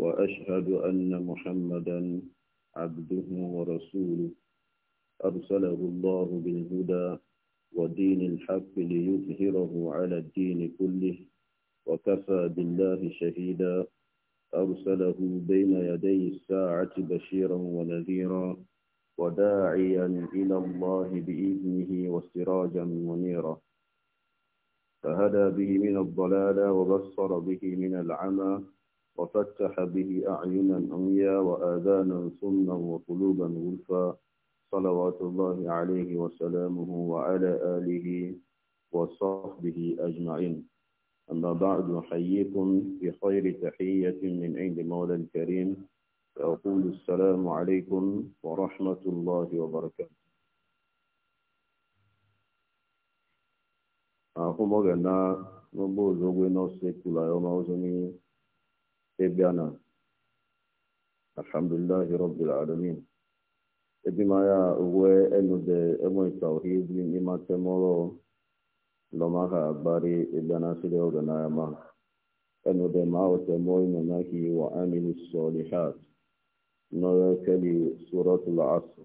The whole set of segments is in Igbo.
وأشهد أن محمدا عبده ورسوله أرسله الله بالهدى ودين الحق ليظهره على الدين كله وكفى بالله شهيدا أرسله بين يدي الساعة بشيرا ونذيرا وداعيا إلى الله بإذنه وسراجا منيرا فهدى به من الضلالة وبصر به من العمى وفتح به أعينا عميا وآذانا صما وقلوبا غلفا صلوات الله عليه وسلامه وعلى آله وصحبه أجمعين أما بعد نحييكم بخير تحية من عند مولى الكريم يقول السلام عليكم ورحمة الله وبركاته أقول مغنى نبو زوغي نوسي يوم أوزني إبيانا الحمد لله رب العالمين إبما يا أوي أنو دي أمو التوحيد من إما تمورو لما أخباري إبيانا سيدي ودنا يما أنو دي ما وتموي مناكي وعامل الصالحات نويا سورة العصر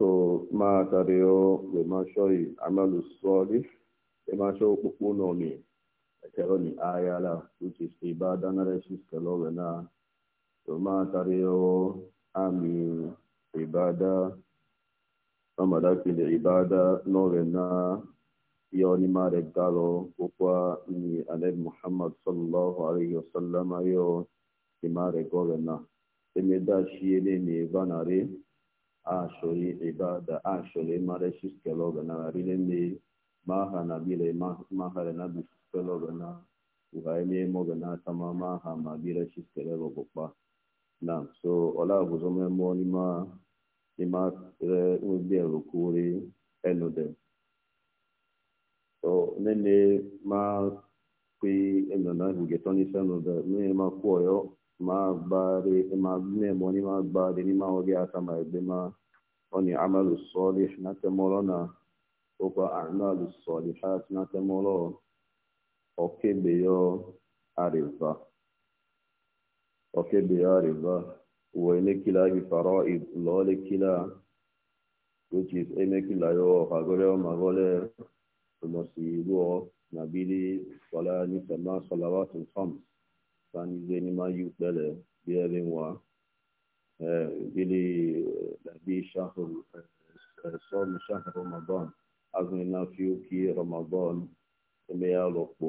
So, ma tàrí ọ́ lè máa ṣọ́ yìí, àmàlù sọ́ọ́lì, lè máa ṣọ́ ekeroni ayala which is ibadanaresis kelowena tomatario ami ibada amadakinde ibada novena yonimare galo kokwa ni aneb muhammad sallallahu alaihi wasallam yo imare govena emedashiyele ni vanare ashori ibada ashole maresis kelowena rilene mahana bile mahana nabi felogana uhaili mogana eme ha ma bira shiskele rogokpa na so ola abuzome mo nima re so nene ma kwi enona hugetoni ma kuoyo ma gbari ma nne mo nima ma oni amalu solih na temoro na okwa amalu solihat na okebeyo ariva okebeyo ariva uwaelekila vifaraid loolekila which is emekilayo ọ̀hagọ́rẹ́ ọmọgọ́lẹ́ ọmọsí ìlú ọ nàbílí sọlá ní sẹmá sọláwà tó fàm sanizé ní máa yú pẹlẹ bí ẹbí wa bílí ẹbí ṣáhùrù sọọlù ṣáhùrù ramadan azùnínà fi ó kí ramadan ẹmẹyà lọ pọ.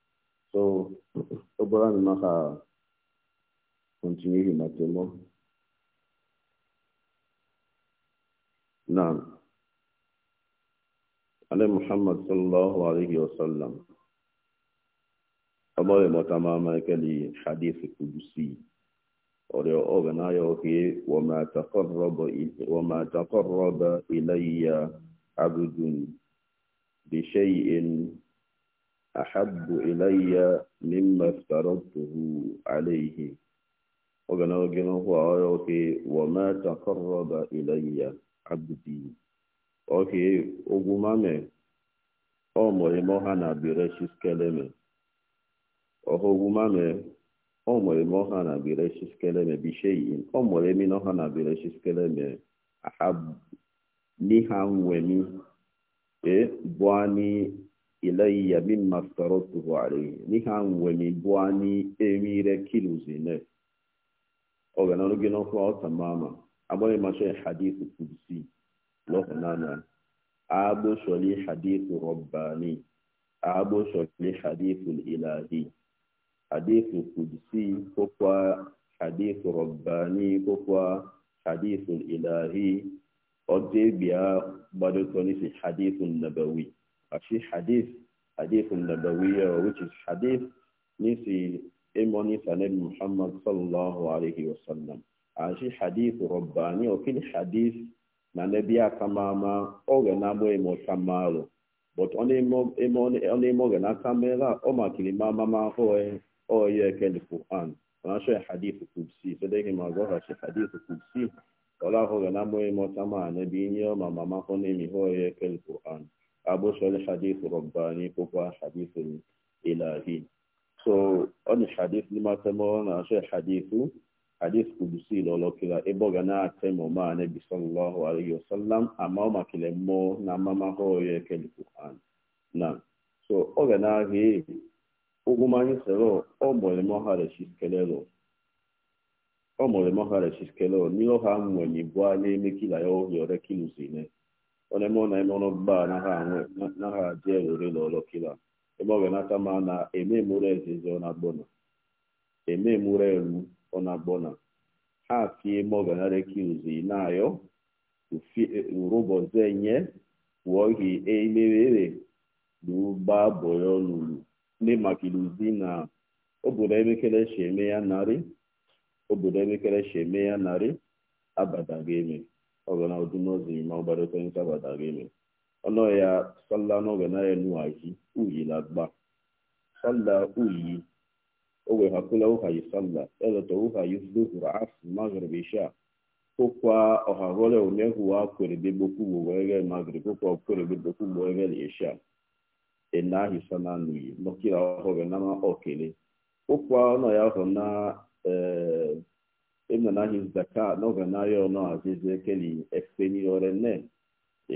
so ọ bụrụ na maka continue ma temo naam ale muhammad sallallahu alaihi wasallam ọgbọghị mọta ma ama ekeli hadith kudusi ọrịa ọga n'ahịa oke wama takọrọba ilayya abudun bi shay'in na ihe ha ụara hụ alah ụ ọmụrha aae ilayya mimma aftaratuhu alayhi n'ihe ahụ wemi bụ anyị emire kiluzine oge na n'oge n'ọkụ ọtamama agbanwe masha hadith kudusi lọkụ n'anya agbo shọli hadith rabbani agbo shọli hadith ilahi hadith kudusi kokwa hadith rabbani kokwa hadith ilahi ọdịbịa gbadotọ n'isi hadith nabawi في حديث حديث النبوية which is حديث نسي إمني سنب محمد صلى الله عليه وسلم عشي حديث رباني وكل حديث نبيا كماما أو نامو كمالو but e o ye ken Quran na she hadith kutsi so de ke ma go ha she hadith kutsi wala ho na mo mo tama na bi nyo mama ma abosole hadith rabbani kokwa hadith ilahi so on hadith ni matemo na she hadithu hadith kudusi lolo kila ebo gana atemo ma nabi sallallahu alaihi wasallam ama ma kile mo na mama hoye kele qur'an na so o gana he ugumani sero o mole mo hare shiskelelo o mole mo hare shiskelelo ni lo ha mwenye bwa ni mikila yo yore kiluzine onye mụ na eme ọrụ mgba naha je ewere n'ụlọ kila ebe ọ ga nata ma na eme ememure ezeze ọ na agbọ na eme ememure elu ọ na agbọ na ha fie ma ọ ganara kiuzi nayo urubozenye wụọ gị emerere n'ụgba boyo lulu ndị maka iluzi na obodo emekere eme ya narị obodo emekere eme ya narị abada ga-eme ọgana odunozi ma ọgbadokwe nsabata ga-eme ọnọ ya salla n'oge naghị enu ahi uyi lagba salla uyi owe hakula uhayi salla eleta uhayi zuhur af magrib isha kokwa ọhagole omehuwa kweredeboku gbogbege magrib kokwa kweredeboku gbogbege isha enahi sana nuyi nọkira ọhụrụ nama okele kokwa ọnọ ya hụ na ee emnanahim zaka n'ọganarị ọnọ azịzị ekeli ekpenirorene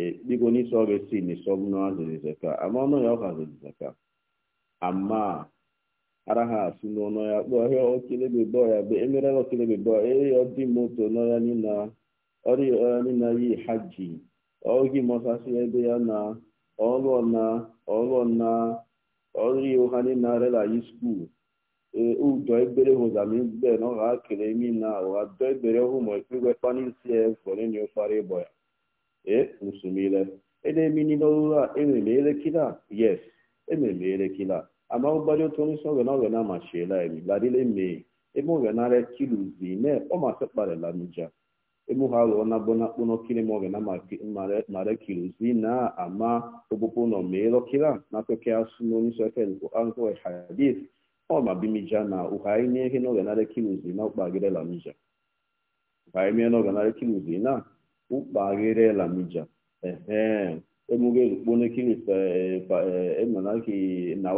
ekpigo n'isi ọrụ esi n'isọmnụ azịzị zaka ama ọnụ ya ọha azịzị zaka ama ara ha asị n'ọnụ ya kpọọ ahịa okelebebe ọya bụ emerela okelebebe ọya eyi ọdị moto n'ọya nina ọrịa ọya nina yi haji ogi mọsasị ebe ya na ọlụ ọna ọlụ ọna ọrịa ụha nina rela yi skuul ụdọ e, ebere hụzami mgbe na ọha kere imi na ụha dọ ebere hụ ma ekpegwe kpani isi ya ụfara ịbọ ya ee nsumile edemini na ememe elekere e a yes ememe elekere a ama ụgbari otu onye isi ọgana ọgana ma emi ladile mee eme ọganara kiluzi na ọ ma sekparela nja emu ha na bụna kpono kiri ọgana na ama nọ na kweke n'onye isi ọma bimija na uhaimie he n'oganare kiluzi na ukpagire la mija uhaimie n'oganare kiluzi na ukpagire la mija ehe emuge lukpone kilu emanaki na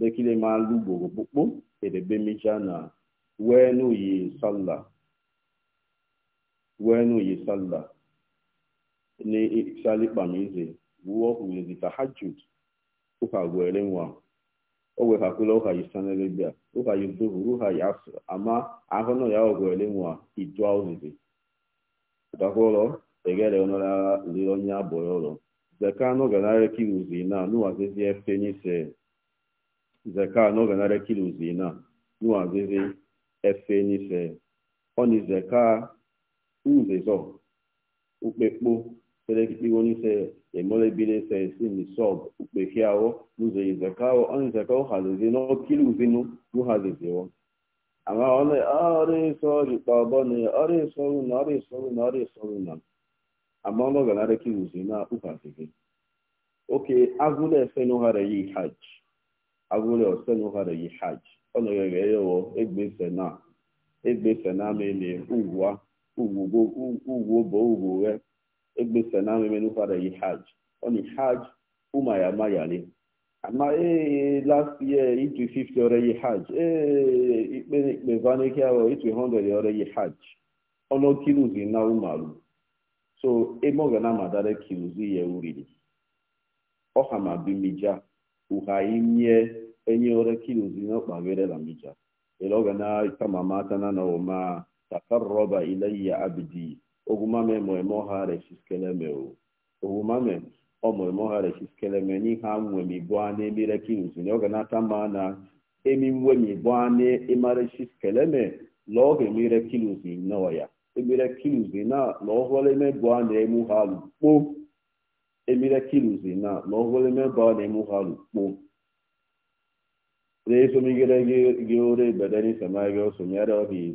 lekile ma lugboro kpukpu edebe mija na wenu yi salla wenu yi salla ni salikpamize wuo hulezi tahajud ukagwere nwa oweghakula ụha yisanelebe a ụha yudohu ụha ya asụrụ ama ahụnụ ya ọgwele nwa itua ozizi dakwụlọ egere ọnọra liri onye abụọ ụlọ zeka noganare kiluzi na nuwazizi efenise zeka noganare kiluzi na nuwazizi efenise ọ ni zeka nzizo ukpekpo selekiti woni se emole bile se simi sob ukpe kiawo nuzo izekao on izekao hazizi no kilu zinu nu hazizi wo ama ole ori so jikpa boni ori so wuna ori so wuna ori so wuna ama ono gana re kilu zina uhazizi oke agule efe no hare yi hajj agule ose no hare yi hajj ono yege yewo egbe se na egbe se na mele ugwa ugwo ugwo bo ugwo we egbese na ameme n'ụkwara yi hajj ọni hajj ụma ya ama ya le ama ee last year itu 50 ọrịa yi hajj ee ikpe ikpe vaneke ahụ itu 100 ọrịa yi hajj ọnụ kiruzi na ụmarụ so ebe ọ ga na amadara kiruzi ya uriri ọha ma bimija uha imie enye ọrịa kiruzi na ọkpaghere na mija ele ọ ga na itamamata na na ọma takarroba ya abdi ogwumame mmemme ọha reshiskeleme ogwumame ọmụrụme ọha reshiskeleme n'ihe anwem ibu a na-emire kiuzi na oge n'aka mma na emiwem ibu a na-emareshiskeleme lọọ emire kiuzi nọọ ya emire kiuzi na lọọhụleme bụ a na-emu ha lukpo emire kiuzi na lọọhụleme bụ a na-emu ha lukpo reesomigere gị ore bedere semaghị osonyere ọhịa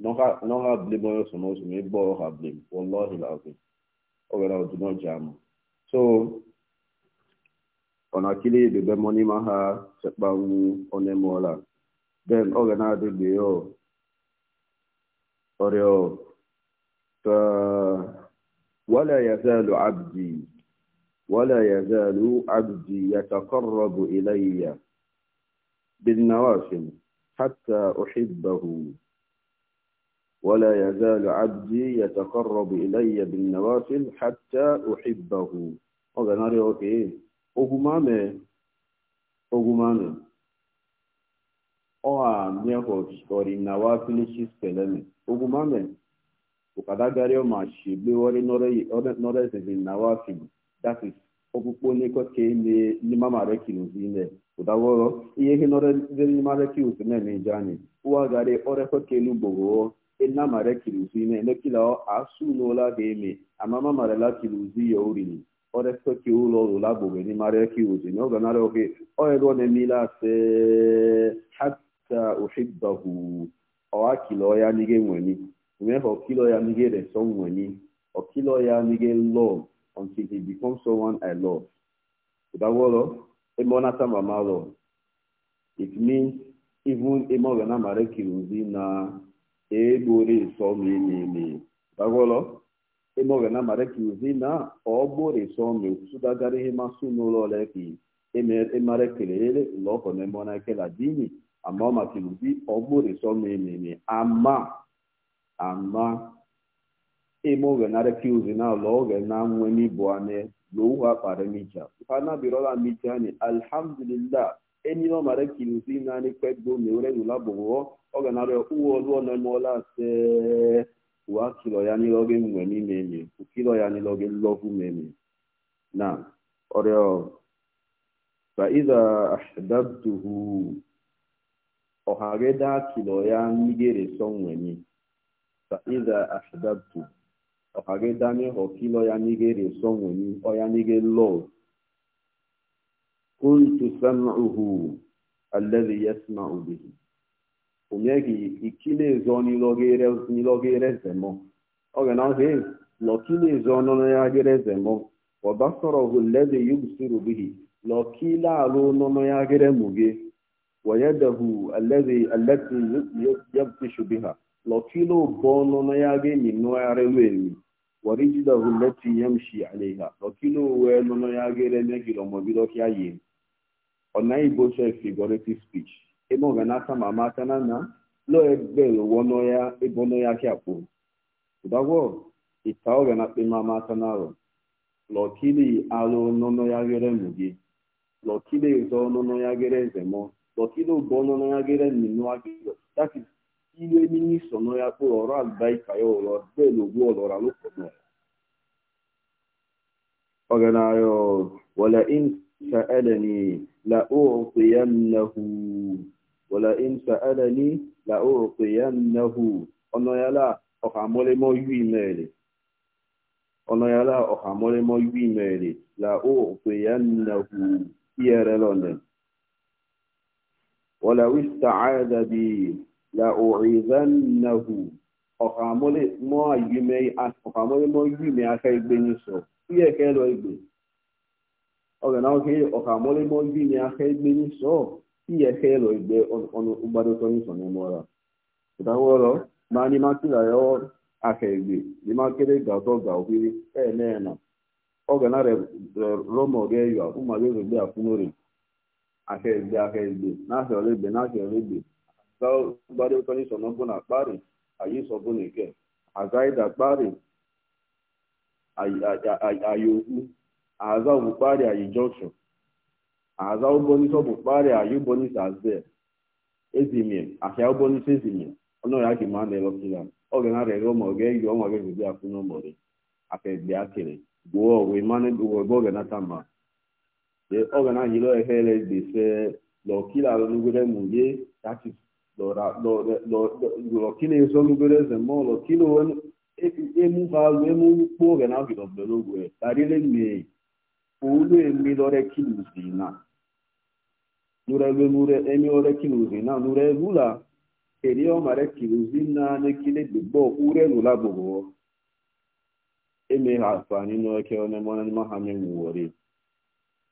n'ọha oh, ha blim onye ah. oh, so n'otu ma ịgba ọha blim wallahi lazim o were ọdụnọ ji amụ so ọ na-akili ebebe monima ha sekpanwu onye mụọla then na-adịghị ya ọrịa ولا يزال عبدي ولا يزال عبدي يتقرب إلي ولا يزال عبدي يتقرب إلي بالنوافل حتى أحبه أغنى ناري أوكي أغمامي أغمامي أوه ميهو شكوري نوافل شسكلمي أغمامي وكذا ما شبه وري نوري نوري النوافل that is okpukpo n'ekwe ka eme n'ime amara kiruzi ime ụdawọrọ ihe ihe nọrọ n'ime amara kiruzi na-eme ije ina mara kiruzi ne ne kila asu n'ola ga-eme amama mara la kiruzi e ya orini ọrẹsọ kí ó lọ rò lágbògbè ní mara kiruzi ní ọgbà náà ọkẹ ọyẹrọ ní mila sẹ hata òṣìbàhù ọwa kìlọ ya nige nwẹni mẹfọ kìlọ ya nige rẹ sọ nwẹni ọkìlọ ya nige love until he becomes someone i love ìdáwọlọ ebe ọ nata mama love it means even ebe ga na mara kiruzi na. egbori somi nini dagwolo emoge na mare ki uzina ogbori somi sudagari he masu nulo leki emare kelele loko ne mona kela dini ama ma ki uzi ogbori somi nini ama ama emoge na reki uzina loge na mweni buane lo wa pare mija kana birola mijani alhamdulillah enyila ọmara kirizi naanị kpegbo na ewere nwụla bụbụọ ọ ga narị uwe ọ na emeọla ase ụwa kilo ya n'ile oge mwe n'ime emi ukilo ya n'ile oge nlọgwu memi na ọrịa faiza ahdabtuhu ọhageda kilo ya nigere sọnweni faiza ahdabtu ọhageda n'ihe kilọ ya nigere sọnweni ọ ya nige love kuntu sam'uhu alladhi yasma'u bihi umyeki ikile zo ni logere ni logere zemo oge na he lokile zo no ya gere zemo wa basarahu alladhi yubsiru bihi lokila alo no no ya gere muge wa yadahu alladhi allati yabtishu biha lokilo bono no ya ni no ya ورجله التي يمشي عليها وكيلو وينو يا غير نكيلو مبيدو كيا يي ona igbo chọ figurative speech ebe ọ ga na-aka ma ama aka ya na lo ebel wono ya ebono ya ki akpo dagwo ita ọ ga na pe ma ama aka na ro lọkili alo nono ya gere mu gi lọkili zo nono ya gere zemo lọkili ugbo nono ya gere ninu ile ministro no ya ko ọ̀rọ̀ albaika yo lo de lo wo lo ra lo ko no ogana yo wala in sa'alani la u'tiyannahu wala in sa'alani la u'tiyannahu ọ̀nà yala o ka mole mo yui mele ọ̀nà yala iyere lo wala wista'ada bi la'u'izannahu ọ̀kàmọ́lé mọ́ yúmi aka igbe ní sọ ihe ka igbe ọ̀gá náà kí ọ̀kàmọ́lé mọ́ aka igbe ní ihe ka igbe sọ aka igbe n'ime akịrị ga-atọ ga ohiri ene na ọ̀gá náà rọmọ gị yọ ụmụ gị egbe akwụnori aka igbe aka igbe n'ahịa ọrụ igbe ọrụ igbe gbara ụtọ anyị sọnọbụ na akparị anyị sọbụ na ike azaida kpari anyị okwu aza bụ kpari anyị aza ụbọnisọ bụ kpari anyị ụbọnisọ azee ezimie ahịa ụbọnisọ ezimie ọnụ ya gị ma a na-elọtụla oge na rere ụmụ oge eyi ọnwa gị ebibi akwụ n'ụmụrị aka akịrị gbuo mmanụ gbuo ebe oge nata mma oge na ahịrị ohere dị alụnugwere tatis lọkina-ezolubere eze e, e e ma lọkina emubalụ emu kpo oge na e ogwe karịrị mmeri olu emilore kiluzina nurebenure emiore kiluzina nurebula keri kiluzina nekile gbogbo ure lula gbogbo eme ha afani n'oke onye mmanụ ha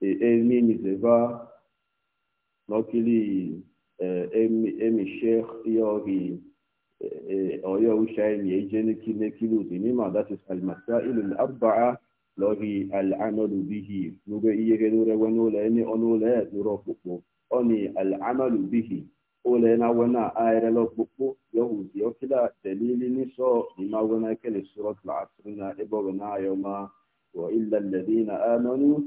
emimizeva nokili emishekh eh, yori eh, eh, oyo ushaimi ejeniki nekiluzi nima that is almasailu alarbaa lori al'amalu bihi nuge iyere nure wenule eni onule nure okpukpu oni al'amalu bihi ole na wena ayerela okpukpu yohuzi okila delili niso nima wena ekele surat al'asrina ebe owena ayoma wa illa alladhina amanu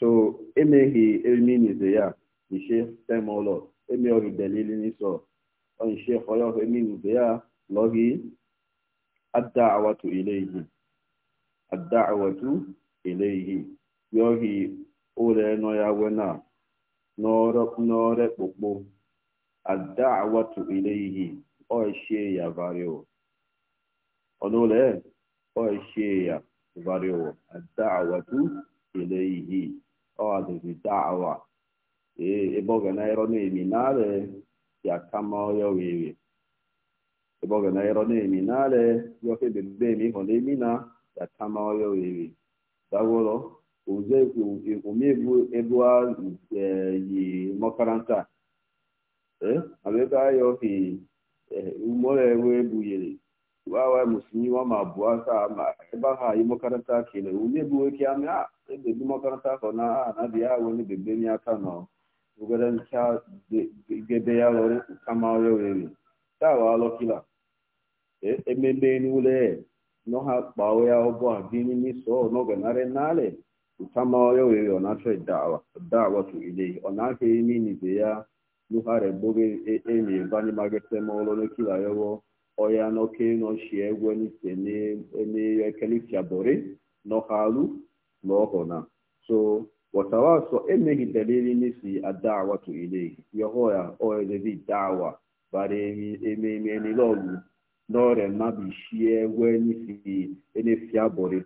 so emeghị eminize ya ishe temolọ emeọrụdelili n'iso ọishe fọyọ eminize ya lọghị adawatu ile adawatu ilehi yọghị ụlọ nọ e? ya wena n'ọrẹ kpụkpụ adawatu ilehi ọishe ya vario ọnụụlọ ọishe ya vario adawatu ilehi oazizi dawa ee ebe ọ ga na-ero na-eminare ya kama ya were ebe na-ero na-eminare yoke emi hụ na-emina ya kama ya were dagworo uze umebu ebua e, yi mokaranta eh abeka yo hi e, umo ewe buyere wawa musulmi ma ma buwa sa ma e ba ha yi makaranta ke ne bu a ebe bi makaranta ko na a na biya wani bebe ni aka no ugadan kya gebe ya lori kama rewe e, e ni ta wa lokila emebe ni no ha o ya ni so no ga na re nale kama ọ na tre dawa tu ile ni be ya lu ha re boge oya n'oke nọchi egwe n'ite n'ekelifiabori n'ọhalu n'ọhụna so watawaso emeghị dalili n'isi adawa to ilehi yahoya oedebi dawa bara ememe nilolu n'ọrịa mmadụ ishie egwe n'isi enefiabori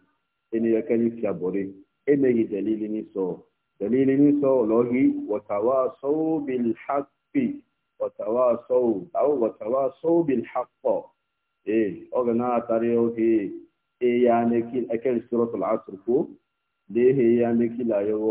eneyekelifiabori emeghị dalili n'iso dalili n'iso lọhi watawaso bilhaqi watawasaw au watawasaw bil haqqo eh oga na tare oke e ya ne ki akel suratul asr ko de he ya ne ki la yo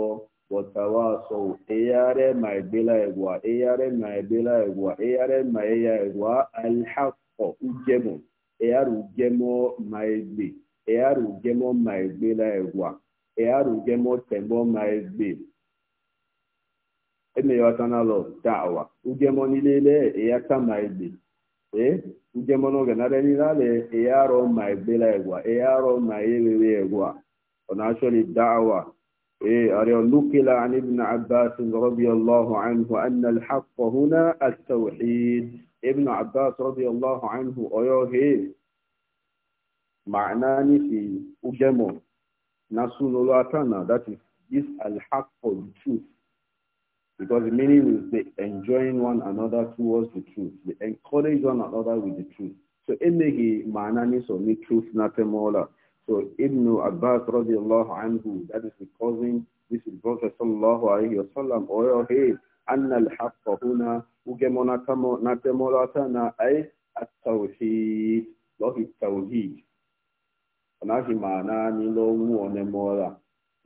watawasaw e ya re mai bela egwa e ya re mai bela egwa e ya re mai ya egwa al haqqo ujemo e ya ru gemo mai gbe e ya ru gemo mai bela egwa e ya ru gemo tembo mai gbe emeyọtanalọ dawa ujemọ nilele eyata ma egbe ee n'oge nile ala eyarọ ma egbela egwa eyarọ ma egwa ọ na-achọli dawa ee arịọ nukila عن ابن عباس رضي الله عنه أن الحق هنا التوحيد ابن عباس رضي الله عنه أيوه معناه في أجمع that is this the truth Because the meaning is they enjoin one another towards the truth. They encourage one another with the truth. So emehi manani so ni truth natemola. So Ibn Abbas radiallahu anhu, that is the cousin, this is Prophet sallallahu alayhi wa sallam, oyo he, anna al-haqqa huna, ugemo natemola tana ay at-tawheed, lohi tawheed. Anahi manani lo mu onemola.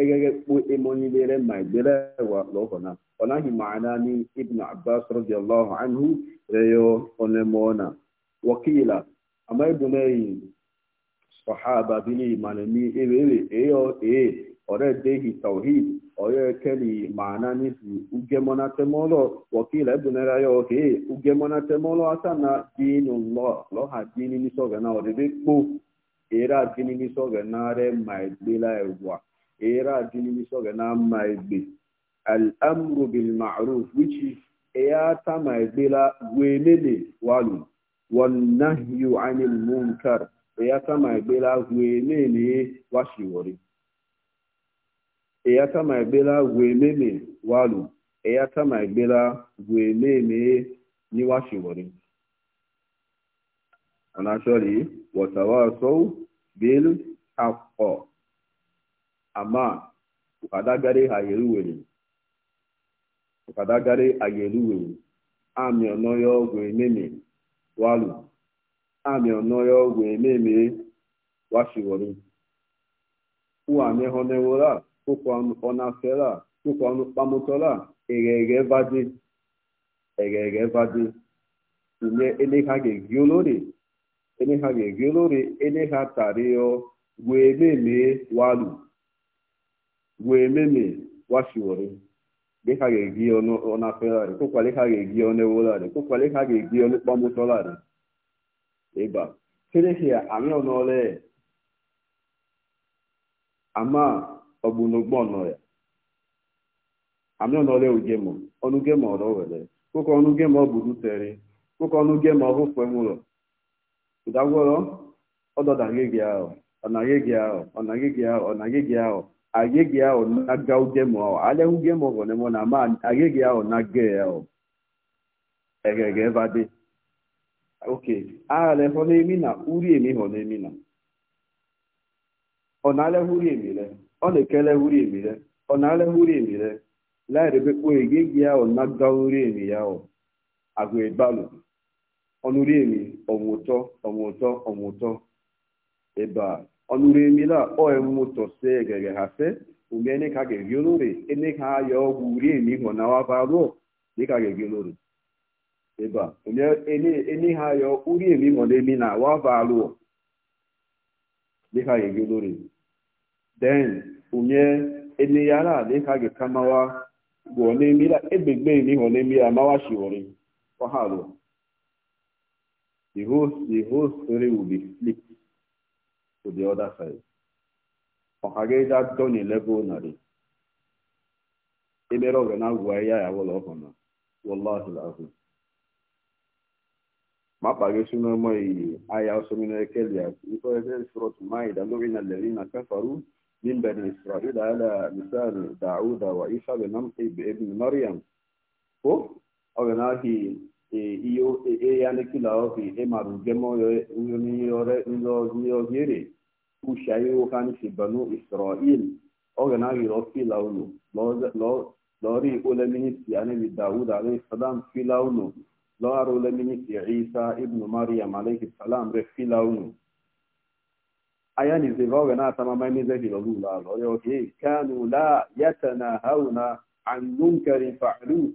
egege kpu emonidere ma gbere wa lọhọna ọ naghị maana ni ibn abbas radiallahu anhu reyo onemona wakila ama ibuneyi sahaba bili manami ewewe eyo e, ee ore dehi tawhid oyo keli maana ni si ugemona temolo wakila ibunera yo ee ugemona temolo asana dinullah loha dini nisogana orebe kpu era dini nisogana re ma gbela ewa era dinimisog na mma egbe al'amru bil ma'ruf which is ya ta ma egbela wenene walu wannahyu anil munkar ya ta ma egbela washiwori ya ta ma egbela wenene walu ya ta ma egbela bil haqqo ama ukadagari ayeluwere ukadagari ayeluwere ami ọ̀nọ́yọ́ ọgwụ ememe walu ami ọ̀nọ́yọ́ ọgwụ ememe washiwori uwame honewora kụkwanụ ọnafera eghe kpamutola eghere vadi eghe vadi tinye ele ha ga-egi olori ele ha ga-egi olori ele ha tarịọ gwụ ememe walu wee meme wasiwori dị ka ga-egi ọna ferari kụkwale ka ga-egi ọnewolari kụkwale ka ga-egi ọnụkpamụtọlari ịba kerehia anyị ọnọọla ama ọgbunogbo ọnọya anyị ọnọọla ugemo ọnụgemo ọrọ were kụkọ ọnụgemo ọbụdutere kụkọ ọnụgemo ọhụfwe nwụrọ ụdagwọrọ ọdọdagị gị ahụ ọ na gị gị ahụ ọ na gị gị ahụ ọ na gị gị ahụ agege ahụ na-aga ugemu ahụ alehụ ugemu ọgọ nemo na ma agege ahụ na ge ahụ egege vade oke aghara na n'emi na uri emi hụ emi na ọ na-alehụ uri emi re ọ na-ekele uri emi re ọ na-alehụ uri emi re laịrebekpo egege ahụ na-aga uri emi ya ahụ agụ ịbalụ ọnụ uri emi ọmụtọ ọmụtọ ọmụtọ ebe a ọnụrụemila oemụtọ se egere ha se umene ka ga-eri olore ene ka ya ọgwụ rie emihọ na wabaruo dịka ga-eri olori. ebe a ene ha ya uri emihọ na emi na wabaruo dịka ga-eri olori. then unye ene yara dịka ga-ekamawa gwọ n'emila egbegbe emihọ na emi ya mawa shiwori ọha ruo the host the host story will be flipped to the other side. Ọ̀hagẹ́dá dọ́nì lẹ́bù nàrí. Ebere ọ̀gá náà wù ayé àyàwó lọ́kàn náà. Wọ́láhì láhù. Má pàgé súnmọ́ ọmọ ìyè àyà ọ̀sọ́mínú ẹkẹ́lì àti ikọ́ ẹgbẹ́ ìṣòro tó máa ìdá lórí iná lẹ́rí iná kẹfàrú ní bẹ̀rẹ̀ ìṣòro ìdá àlà mìsáàlì dàúdà wà ìṣàbẹ̀ náà ìbẹ̀ Mariam. Ó ọ̀gá náà hì iyo eyane e, kila ofi emaru gemo yore yoyere ushayi wokani fi banu israel ogena yiro fila ulu lori ule minisi anabi daud alayhi salam fila ulu lori ule minisi isa ibnu maryam alayhi salam re fila ulu ayani ziva ogena atama maimize hilo lula lori oke kanu la yatanahawna an munkarin fa'aluhu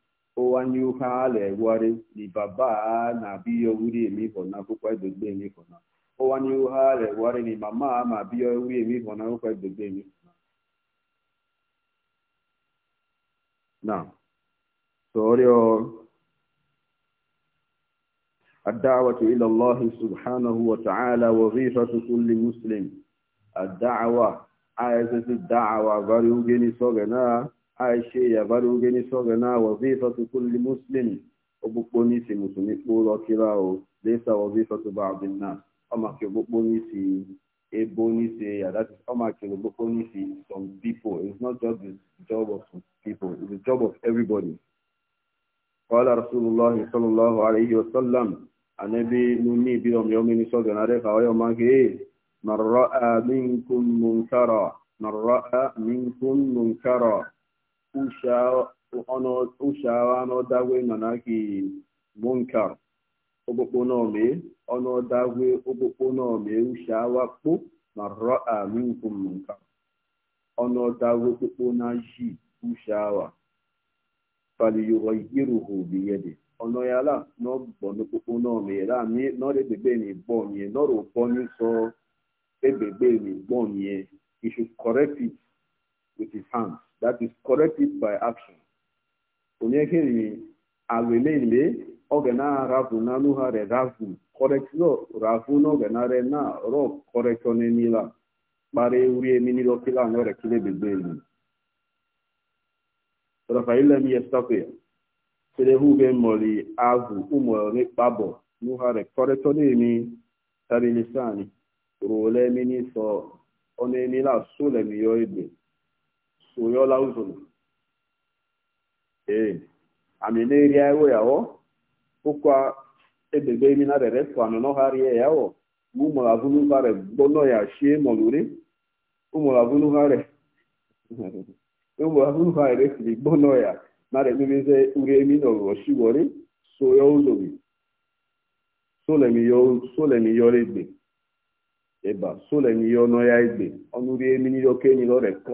owanyuha legwari ni baba na biyo wuri emi bona kukwa edogbe emi bona owanyuha legwari ni mama ma biyo wuri emi bona kukwa edogbe emi bona na sorio الدعوة إلى الله سبحانه وتعالى وظيفة كل مسلم الدعوة عايزة الدعوة غير يوجيني صغنا aisha abaruge ni soga na wazifatu kulli muslim ogbogbo ní ti mùsùlùmí kúrọ kíra o lẹ́sà wazifatu ba'd an-nas ọmọ kí ogbogbo ní ti ebo ní ti yàrá ti ọmọ kí ogbogbo ní ti some people it's not just the job of some people it's the job of everybody. qala rasulullah sallallahu alayhi wa sallam anabi nuni bi ọmọ yọmi ni soga na rẹka ọyọ máa ké man ra'a minkum munkara man ra'a minkum ushawa ọnọdagwe nọ na gị munka okpokpo nọme ọnọdagwe okpokpo ma rọ aminku munka okpokpo na ji ushawa faliyuwa iruhu biyede ọnọyala n'ọgbọ n'okpokpo nọrọ ebebe that is corrected by action onye hiri alelele oge na ravu na nuhare ravu correctio ravu na oge na re na ro correctio ne nila kpara ewuri emini lokila anyo rekile bebelu rafaelem yestafe serehube moli avu umori kpabo nuhare correctio ne emi tarilisani role emini so ọ na-emila sụlemi yo ebe oyola uzulu ee ami n'eri awo yawo ụkwa edebe mi na rere fami n'ọgharịa yawo ụmụlavunu ha re gbọnọ ya shie mọluri ụmụlavunu ha re ụmụlavunu ha re siri gbọnọ ya na rememeze uri emi n'ọrọshiwori soya uzobi solemi yọrọ igbe ịba solemi yọ ya egbe. ọnụ rie emi n'iyoke enyi lọrekọ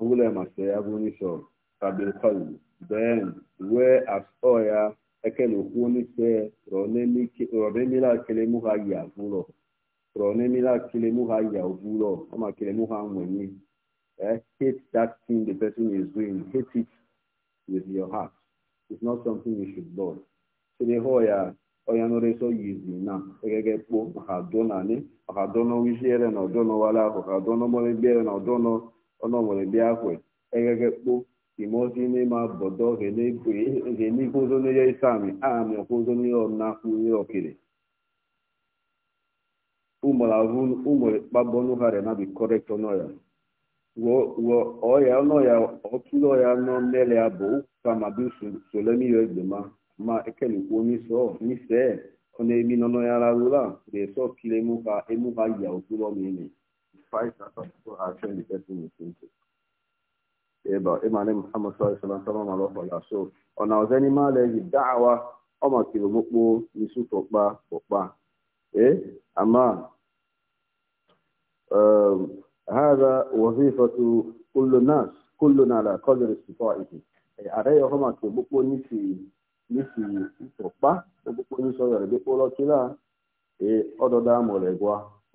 awule masaya bụ n'iso fabilkol ben wee asọ ya ekele okwu onise rọnemila kelemu ha ya vụlọ rọnemila kelemu ha ya vụlọ ọma kelemu ha nwenye eh, hate that thing the person is doing hate it with your heart it's not something you should do sịrị hụ ya onye nọrọ eso yizi na egege kpo ọha dọ na ni ọha dọ n'ọwụ isi ere na ọdọ n'ọwala ahụ ọha dọ na ọdọ ọlọ́wọ̀rẹ̀ bí ahùẹ̀ ẹgẹgẹ kpó ìmọ̀sí ní máa bọ̀dọ̀ ụmụrụ n'ụgharị na bi kọrekt ọnọya wọ ọya ọnọya ọtụlụ ọya nọ ya bụ ụka ma bi solemiyo egbema ma ekelekwu onye sọ n'ise ọ na-emi n'ọnọya rawụla ga-esọ kile emu ha ya otụlọ ma eme fight that people are actually getting into. Eba, Imani Muhammad Sallallahu Alaihi Wasallam Allah So, on our anima legi da'wa, ọmọ kiri mokpo nisu um, Eh, ama, هذا وظيفة كل الناس كلنا على قدر استطاعته. nisi kpọlọ kila,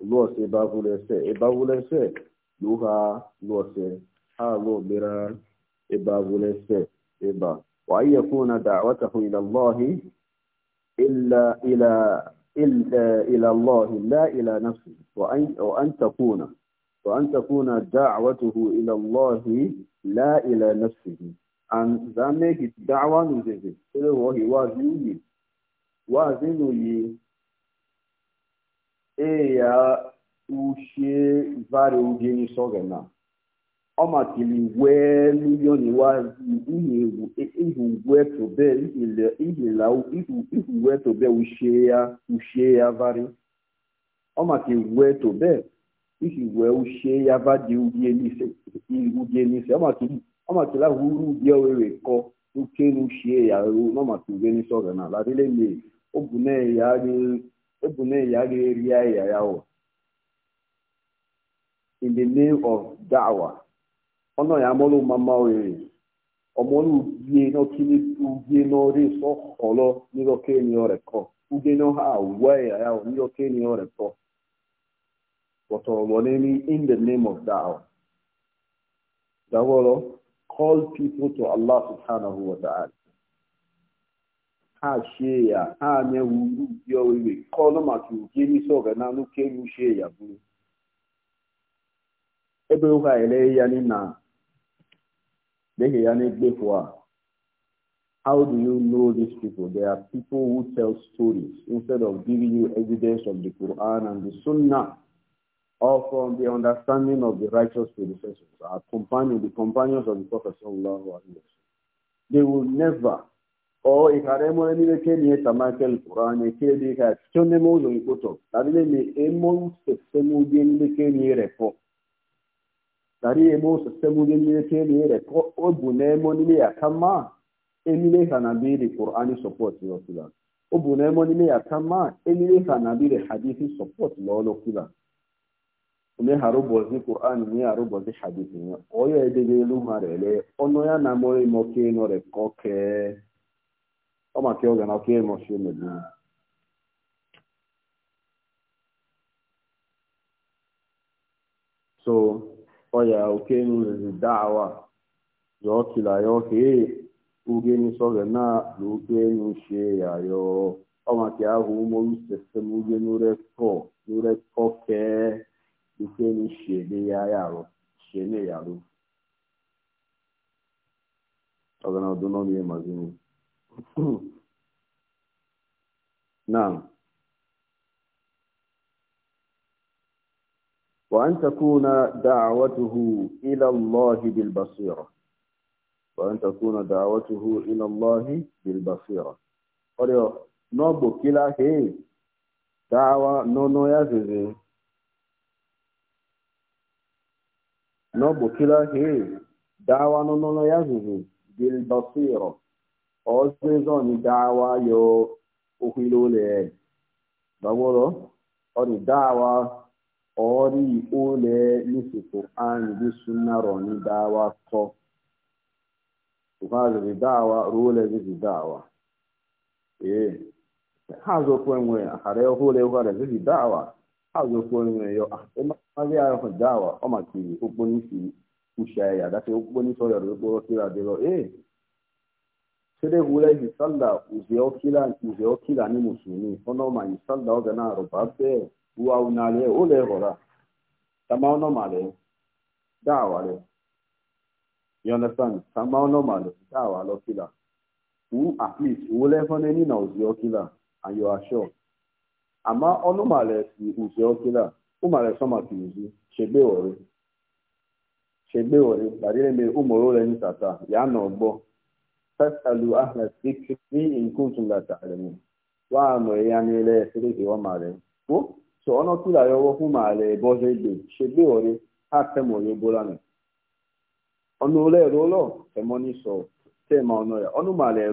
luose ebavulese ebavulese luha luose ha luobira ebavulese eba وأن يكون دعوته إلى الله إلا إلى إلا إلى الله لا إلى نفسه وأن وأن تكون وأن تكون دعوته إلى الله لا إلى نفسه and that make it da'wah nuzezi so that what he was doing was in eya ushie vari ujeni sogena ọmatili weluyoiwetobe e, e, ihuwetobe ushie ya ushie ya vari ọmatili wetobe ihi wee ushie ya vadi ujenise ọmatili huru ubie were kọ oke na ushie ya ru n'ọmatili ujenise ọgana ladile mee ọ bụ na ya ebune ya ga-eri ya ya ya wụ in the name of da'wa ọnụ ya mụrụ mama oriri ọmụrụ ubie n'okiri ubie n'ori sọ ọlọ n'ihe oke enyi ọrekọ ubie n'ọha uwe ya ya wụ n'ihe oke enyi ọrekọ ọtọrọ n'emi in the name of da'wa dawọrọ call people to Allah subhanahu wa ta'ala haasheya haanya wuru dio iwe kọlọ maka ugiri soga na anụ kelu ya bụrụ ebe ụka ele ya na ya n'egbefu a how do you know these people they are people who tell stories instead of giving you evidence of the quran and the sunnah or from the understanding of the righteous predecessors our companions the companions of the prophet sallallahu alaihi wasallam they will never Ọ ịkara mo ni be ke ni tamake el qur'an ke di ka chonne mo lo ikoto tadile ni emon sistemu gen ni ke ni e repo dari emon sistemu gen ni ke ni e repo o bune mo ni ya kama emile na biri di qur'an support yo kula o bune mo ni ya kama emile kana bi di hadithi support lo lo kula ne haru bozi qur'an ni haru bozi hadithi ni o ye de ge lu marele ya na mo e mo ke no re ko ke ọ maka oge na ọka emosi emebi so oya okenu lezi dawa yo kila yo he ugeni soge na lukenu she ya yo ọ maka ahụ umoru sesem uge nurekọ nurekọ ke lukenu she ya ya yaro she ne yaro ọga na ọdụ n'ọnụ ya mazini نعم وأن تكون دعوته إلى الله بالبصيرة وأن تكون دعوته إلى الله بالبصيرة قال نوبو كلا هي دعوة نونو يزيزي نوبو كلا هي دعوة نونو يزيزي بالبصيرة ọzọ ọnịdawa yo okwile ụlọ gbagworo ọnịdawa ọrị ụlọ nisiko anyị dị sunarọ nidawa tọ ukaziri ruo rule zizi dawa ee ha zokwe nwe akara ọhụrụ ụkwara zizi dawa ha zokwe nwe yo ịmazi ahụ dawa ọ makiri okporo isi uche ya dati okporo isi ọrịa okporo kiri adịrọ ee sede wule hisalla uzeokila ni musulmi ono ma hisalla oge na aroba be uwa unale ole hora tama ono male dawale you understand tama ono male dawale okila u at least hone ni na and you are sure ama ono si ti uzi ore ore barire me umoro ni tata ya na fasalu ahla dhikri in kuntum la ta'lamun ya amriyani la yasrihi wa mare ko so ono tu la yowo fu mare bo se de se de ore ate mo yo bola ni ono le ro lo se mo ni ya ono mare ya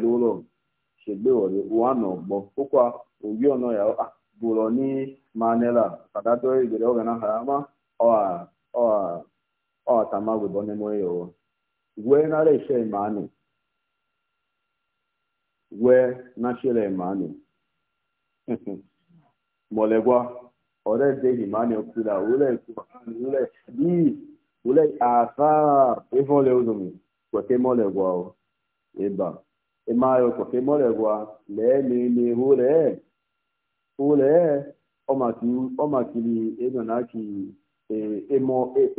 wee nachila imani mọlẹgwa ọrẹ dẹyìn imani ọkùnrin àwùlẹ ìkùnrin bíi wùlẹ àfáà ìfọlẹ ọdọmi kwẹkẹ mọlẹgwa ọ ịba ịma ayọ kwẹkẹ mọlẹgwa lee n'ime hụlẹ hụlẹ ọmakiri ịnọ n'akị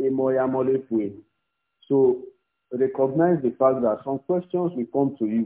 ịmọ ya mọlẹfue so recognize the fact that some questions will come to you.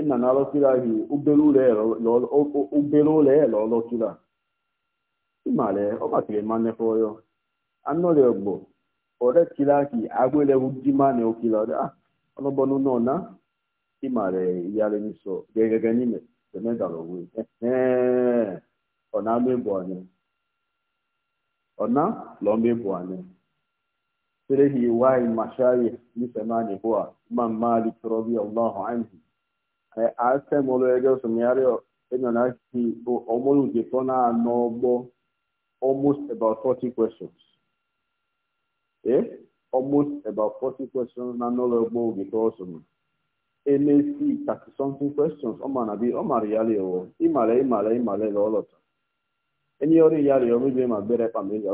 nna na-alụsiri ahụ obere ụlọ ya lọlọsiri a ịmale ọmasịrị ma nefọyọ anọrị ọgbọ ọrekiri ahụ agwere na ọrịa ọlọbọnụ nọ na ịmale yari nsọ gegege n'ime onwe ọ na-ama ebu anyị ọ na anyị wai mashari ase mụrụ ego sụmịarị enyona ki bụ ọmụrụ nke na anọ ọgbọ almost about 40 questions almost about 40 questions na anọ ọgbọ oge tọ emesi 30 something questions ọ mara bi ọ mara ya ịmara ịmara ịmara ịlọ ọlọta ọrụ ya rịọ ma ya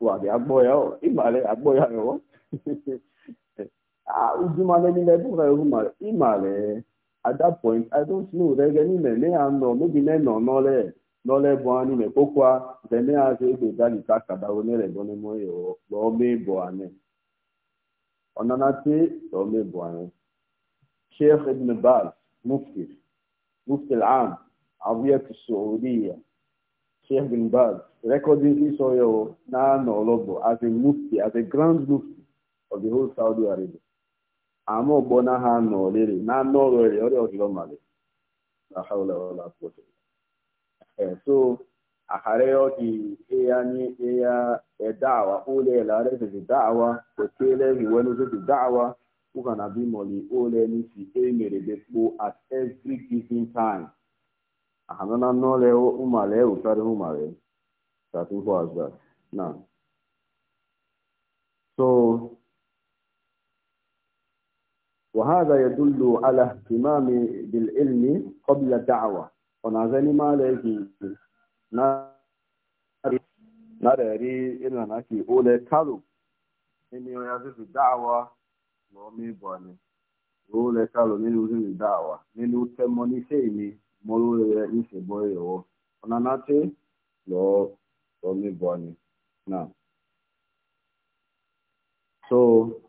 ụwa agbọ ya ịmara agbọ ya Ah, ujumaleni lebu ga ihuma imale at that point i don't know rege ni me ne no, maybe me no no le no le bo ani me kokwa de ne a se be dali ka kada wo ne le bo ne mo yo lo me bo ane onana ti lo me bo ane sheikh ibn baz mufti mufti al-am awiyat السعوديه sheikh ibn baz recording this oil na no lobo as a mufti as a grand mufti of the whole saudi arabia ụgbọ na ha nọ oriri na anụ ọrụ ọrịa ọgịlọ mali na ha ụlọ ụlọ akwụkwọ so ahara ọgị ịya e nye ịya e edawa ụlọ elare zizi dawa okele hiwenu zizi dawa ụka e na bimoli ụlọ n'isi emere dekpo at every given time ahara na anụ ọrụ ụmale ụkarị ụmale tatụ hụ azụ na so وهذا يدل على اهتمام بالعلم قبل الدعوة ونازل ما لكي نرى إلا نكي أولى كالو إني يزيد الدعوة لومي بواني أولى كالو من يزيد الدعوة من يتمني سيني مولو يسي بويو وناناتي لو لومي بواني نعم so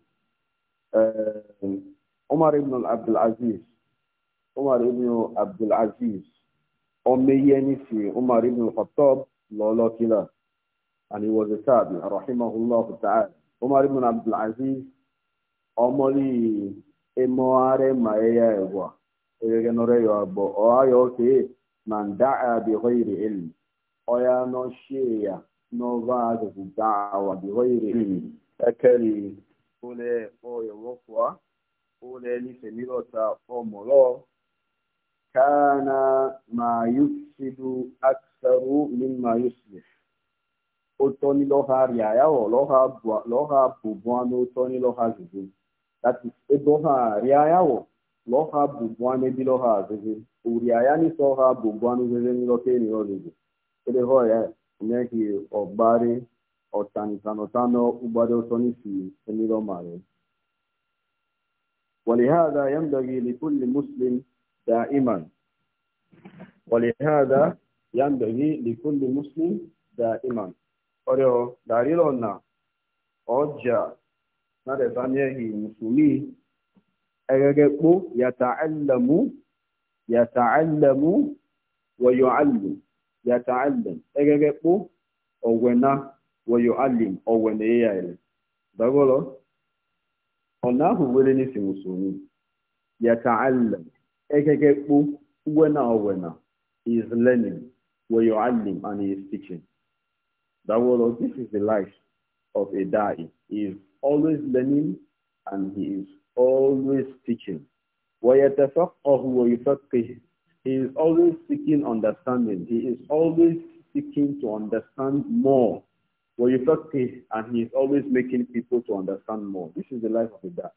uh, Umar ibn Abdul Aziz Umar ibn Abdul Aziz ọmọ iye ní sí Umar ibn Khattab lọ́lọ́kílà and he was a tabi rahimahullah ta'ala Umar ibn Abdul Aziz ọmọ rí ẹmọ ààrẹ màáyà ẹ̀wà ẹgẹ́gẹ́ nọ́rẹ́ yọ àbọ̀ ọ̀háyọ̀ òkè man da'a bi ghayri ilm ọ̀yà náà ṣe èyà n'ọba àgbègbè dáa wà bi ghayri ilm ẹkẹ́rì ó lẹ́ ẹ̀kọ́ ìwọ́pọ̀ Ule ole nisemilota omolo kana ma yufsidu aksaru mimma yuslih ó tọ́ ní lọ́ha rí àyàwọ̀ lọ́ha bùbọ́n ní ó tọ́ ní lọ́ha zèzè láti ó dọ́ha rí àyàwọ̀ lọ́ha bùbọ́n ní bí lọ́ha ni òrì àyà ní sọ́ha bùbọ́n ní zèzè ní lọ́kẹ́ ní ọ̀rẹ́zè kéde họ́ ẹ̀ mẹ́kì ọ̀gbárí ọ̀tànìtànọ̀tànọ̀ ó gbádẹ́ ó ولهذا ينبغي لكل مسلم دائما ولهذا ينبغي لكل مسلم دائما ọ̀rẹ́ ọ dàrí lọ́nà ọjà nádẹ̀ta ní ẹ̀hìn mùsùlùmí ẹgẹgẹ pó yàtàálẹ̀mú yàtàálẹ̀mú wọ̀yọ̀ alù yàtàálẹ̀m ẹgẹgẹ pó ọ̀wẹ̀ná wọ̀yọ̀ alìm ọ̀wẹ̀nà yíyà rẹ̀ dàgbọ́lọ́ ọ̀nà ahụ were n'isi ya ekeke wena owena is learning where you alim and he is teaching that world this is the life of a da'i he is always learning and he is always teaching ويتفقه ويفقه he is always seeking understanding he is always seeking to understand more Well, you talk and he is always making people to understand more. This is the life of a dad.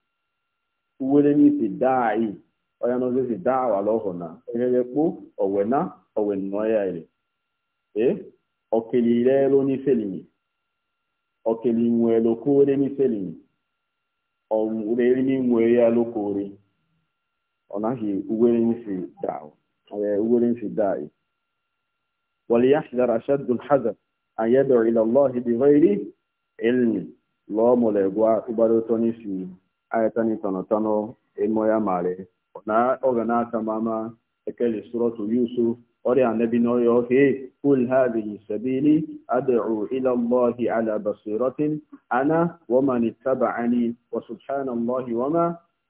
Uweleni si dai, oya no si da wa loho na. Egele po owena owenoya ile. Eh? Okelile lo ni felini. Okelinwe lo kore ni felini. Owureri ni nwe ya lo kore. Onahi uweleni si da. Uweleni si dai. وليحذر أشد الحذر an yadda ilallahi bi ghairi ilmi lọ́ọ́ mọ̀lẹ́gbọ́ ìgbàdo tó ní fi ayatani tọ̀nàtọ̀nà emoya mare na oge na-aka mama ekele suratu yusuf ọrịa anabi n'ọrịa ọhịa kul hadhihi sabili ad'u ila allahi ala basiratin ana wa man ittaba'ani wa subhanallahi wa ma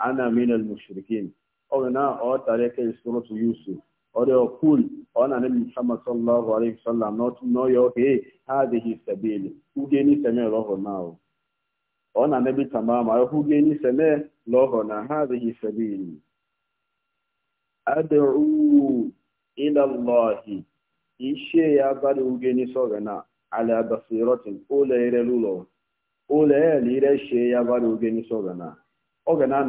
ana min al-mushrikin oge na ọ tara ọrịa kul ọ na nabi muhammad sallallahu alaihi wasallam n'ọya ohe hadhihi sabili ugeni seme lọhọ nao ọ na nabi tamama ugeni seme lọhọ na ha hadhihi sabili ad'u ila allah ishe ya bari ugeni sogana ala basiratin ụlọ ire lulo ula ire she ya bari ugeni na. oge na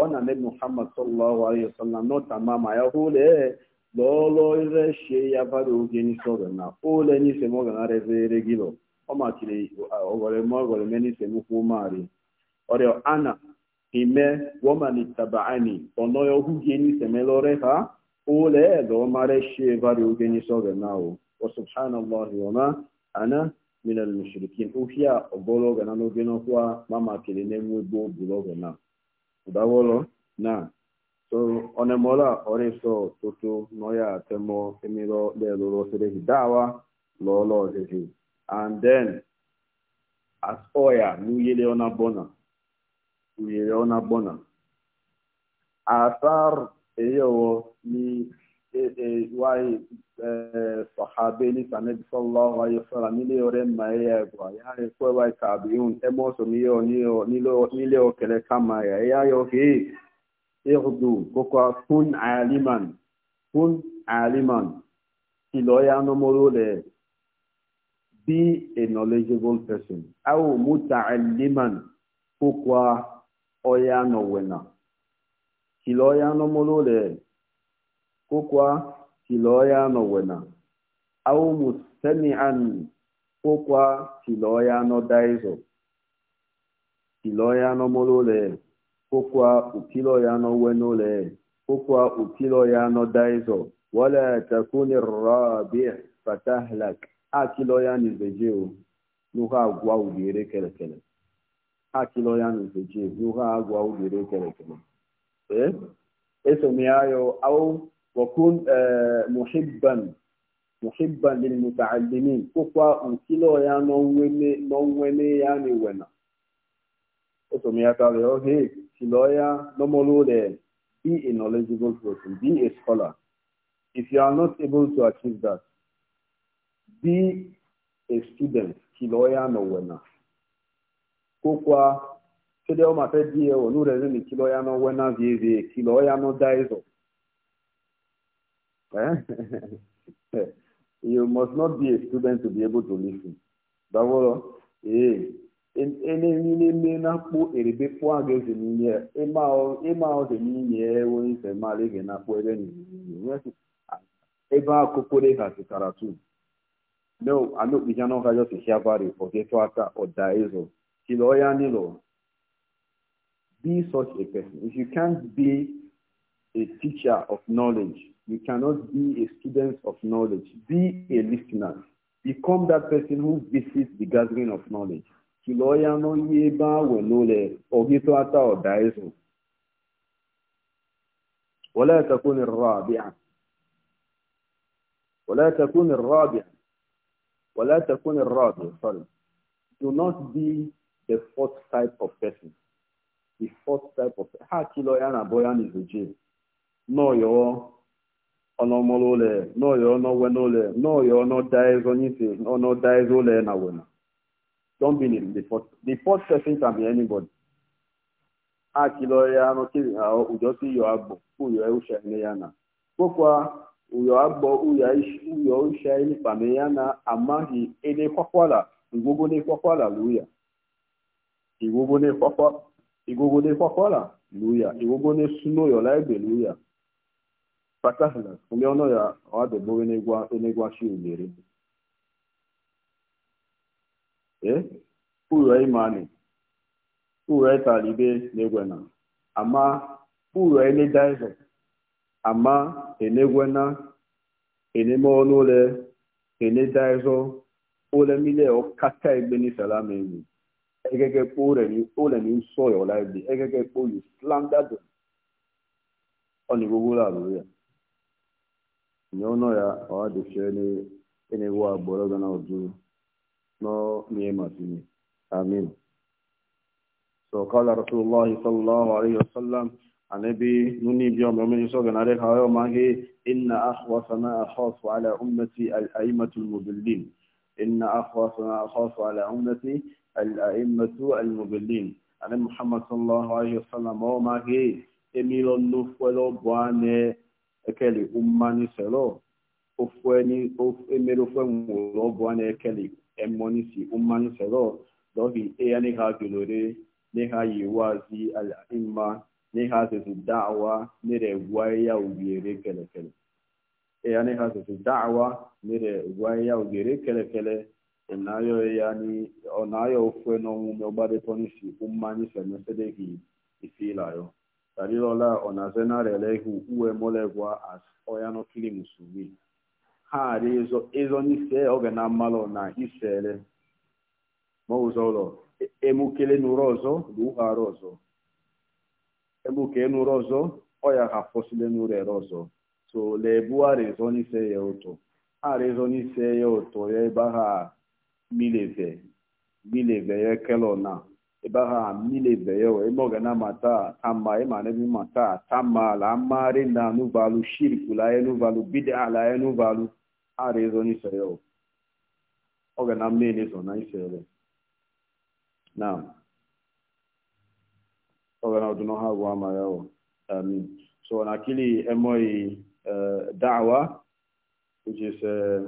ọ na ne muhammad sallallahu alaihi wasallam n'ọtama ma ya hụle lọọlọ ire shie ya bara oge n'isi oge na ole n'ise m oge na ọ machiri ogore m ogore e me n'ise m na mari ọrịa ana ime woman tabaani ọnọ ya ohu gị n'ise ha ole lọọ mara shie bara oge n'isi oge na o wa ma ana mina al-mushrikin ufia ogologo na n'ogeno kwa mama kele n'enwe gbo ogbologo na udawolo na so onemola oreso toto noya temo emiro lelolo sere hidawa lolo ozehi and then as oya yele ona bona yele ona bona asar eyowo ni Eh, eh, eh, wa sahabeni sanabi sallallahu alaihi wasallam ile ore maya kwa ya kwa wa tabiun emo so mi yo ni yo ni lo ni le okele kama ya ya yo ki irdu koko kun aliman kun aliman ti lo ya no moro le be a knowledgeable person au muta'alliman koko oya no wena ti lo ya no moro le ko kuwa tiloya nowena au mustami'an ko no daizo no molole no wenole no daizo wala takuni rabi' fatahlak akiloya ni zejeo nuha agwa ugere kelekele akiloya ni zejeo nuha agwa ugere kelekele eh au wakun muhibban muhibban lil muta'allimin kokwa nkilo ya n'onweme n'onweme ya niwena otomiakari ohe kilo ya n'omolure be a knowledgeable person be a scholar if you are not able to achieve that be a student kilo ya n'owena kokwa kedeoma fẹ́ di ẹ̀wọ̀ lórí ẹ̀rí ni kilo ya n'owena vie vie kilo ya n'ọdá ẹ̀zọ̀. Eh? you must not be a student to be able to listen. Daworo, eh, na-enye na akpọ eribe pụọ aga eze n'ime ịma e ọzọ e n'inye onye ise mara ege na-akpụ ebe ebe akụkọrọ ha zụtara tu no anokpija na ọka jọsi hiabari ogetu aka ọda ezo kila ọya nilo be such a person if you can't be a teacher of knowledge. You cannot be a student of knowledge. Be a listener. Become that person who visits the gathering of knowledge. ولا تكون ولا تكون ولا تكون sorry do not be the fourth type of person the fourth type of ha is a jail n'oyo onomolo le n'oyo n'oweno le n'oyo n'odaizo nisi n'odaizo ụlọ na wena don't be the fourth the fourth person can be anybody akilo ya no kiri ha ujo si yo agbo uyo eusha ni ya na kwokwa uyo agbo uyo ishi uyo eusha ni pame ya na amaghị ele kwakwala igwogwo n'ekwakwala luya igwogwo n'ekwakwala igwogwo n'ekwakwala luya igwogwo n'esuno yo laibe luya patahna ndị ọnụ ya ọ dịbụ enegwachi ulere ee uru imani uru talibe n'egwena ama uru enedaive ama enegwena eneme ọnụ ụlọ enedaive ụlọ mmiri ọkaka egbe n'isalama enyi egege kpo ụlọ ni nsọ ya ọla egbe egege kpo you slander them ọ na-egwugwula alụrụ ya nyono ya ọdịcheni ịna-ewu agbụrụ ga na uju n'ọnyemafini amin so kala rasulullahi sallallahu alaihi wasallam anabi nuni bi ọmọ mi so ga na re hayo ma he inna akhwasa ma akhafu ala ummati al aimatu al mudallin inna akhwasa ma akhafu ala ummati al aimatu al mudallin ana muhammad sallallahu alaihi wasallam o ma he emilo nu fuelo bwane ekele mmanụ selo emere ofe nwụrụ ọgwụ a na-ekele emonisi mmanụ selo dọhi eya n'ihe agụlore n'ihe yiwazi al'imma n'ihe azụzụ da'awa mere gwa ya ubiere kelekele eya n'ihe azụzụ da'awa mere gwa ya ubiere kelekele ọ na-ayọ ofe n'ọnwụ me ọgbadịtọ n'isi mmanụ selo sedeghị isi ilayo tarilola onazenarelehu uwe molegwa as oyano kili musumi ha ari ezo ezo nise oge na mmalụ na isere ma ụzọ ụlọ emukele nụrụ ọzọ na ughara ọzọ emuke nụrụ ọzọ ọya ha fọsile nụrụ ere ọzọ so lebuara ezo nise ya ụtọ ara ezo nise ya ụtọ ye baha ha mileve mileve ya kelọ na ebe ha mmiri beyo ebe ogana mata tamba ema nebi mata tamba la amari na nuvalu shirku la enuvalu bid'a ah, la enuvalu are zo ni seyo ogana mmiri zo na isele naam ogana oduno ha gwa ma yo amin so na kili emoi uh, da'wa which is uh, eh,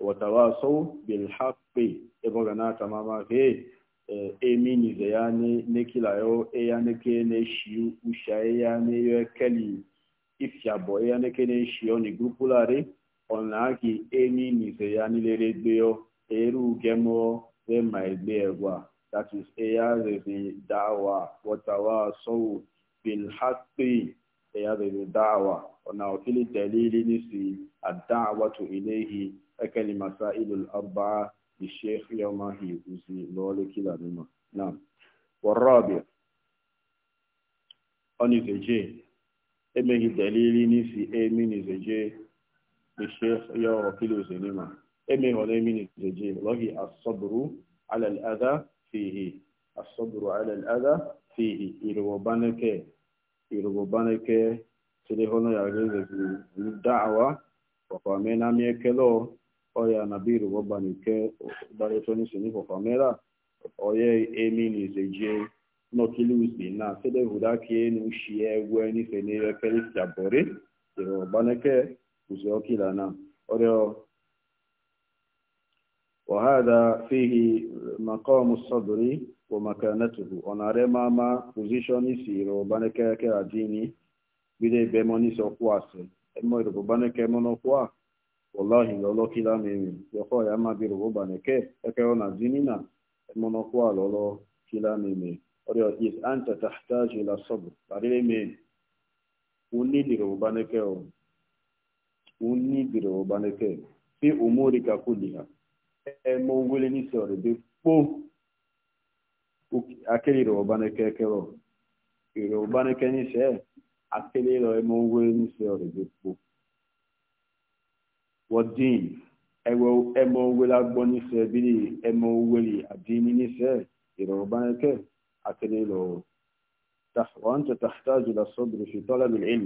watawasaw bil haqqi ebe ogana tamama ke Eh, eminize ya nekilayo eyaneke neshi usha e ya neyo ekeli ifiabo eyaneke neshi oni grupulari ona aki ya nilere gbeyo eru gemo ma egbe egwa that is eya rezi dawa watawa sowu bil haqqi eya rezi dawa ona ofili dalili nisi ad-da'watu ilayhi e kalimasa ilul الشيخ يوم هيكوسي لولي كلا مما نعم والرابع أني زجي إمه دليلي في إيمين زجي الشيخ يوم كلا زنما إمه ولا إيمين زجي وهي الصبر على الأذى فيه الصبر على الأذى فيه إروبانك إروبانك سيدي هنا يا جزء الدعوة وقامنا ميكلو oya nabiru gbabanike gbarịtonisi fofamela oye emi nizeje nọkilusi na sedehudakienu shi egwe n'ife n'ire pelisia bori tere ọgbaneke uziokilana ọrịọ وهذا فيه مقام الصبر ومكانته onare mama position isi robaneke ke adini bide bemoni so kwase emo robaneke kwa wallahi lọlọ kila mimi yoko ya mabiru goba neke ekeo na zinina mono kwa lolo kila mimi orio is anta tahtaju ila sabr barile me unidiro goba nekeo unidiro goba neke fi umuri ka kuliha e mo ngule ni sore de po akeli ro goba neke kero ro goba neke ni se akeli ro e mo ngule ni sore de po wọ́dín ẹmọ owó lágbọ́n níṣẹ́ bí i ẹmọ owó lè àdínní níṣẹ́ ìrọ̀rùn bá ń kẹ́ àtẹlẹ́ lọ wọ́n tẹ̀ tàṣítà jùlọ sọ́dọ̀ fi tọ́lá bí ẹ̀yìn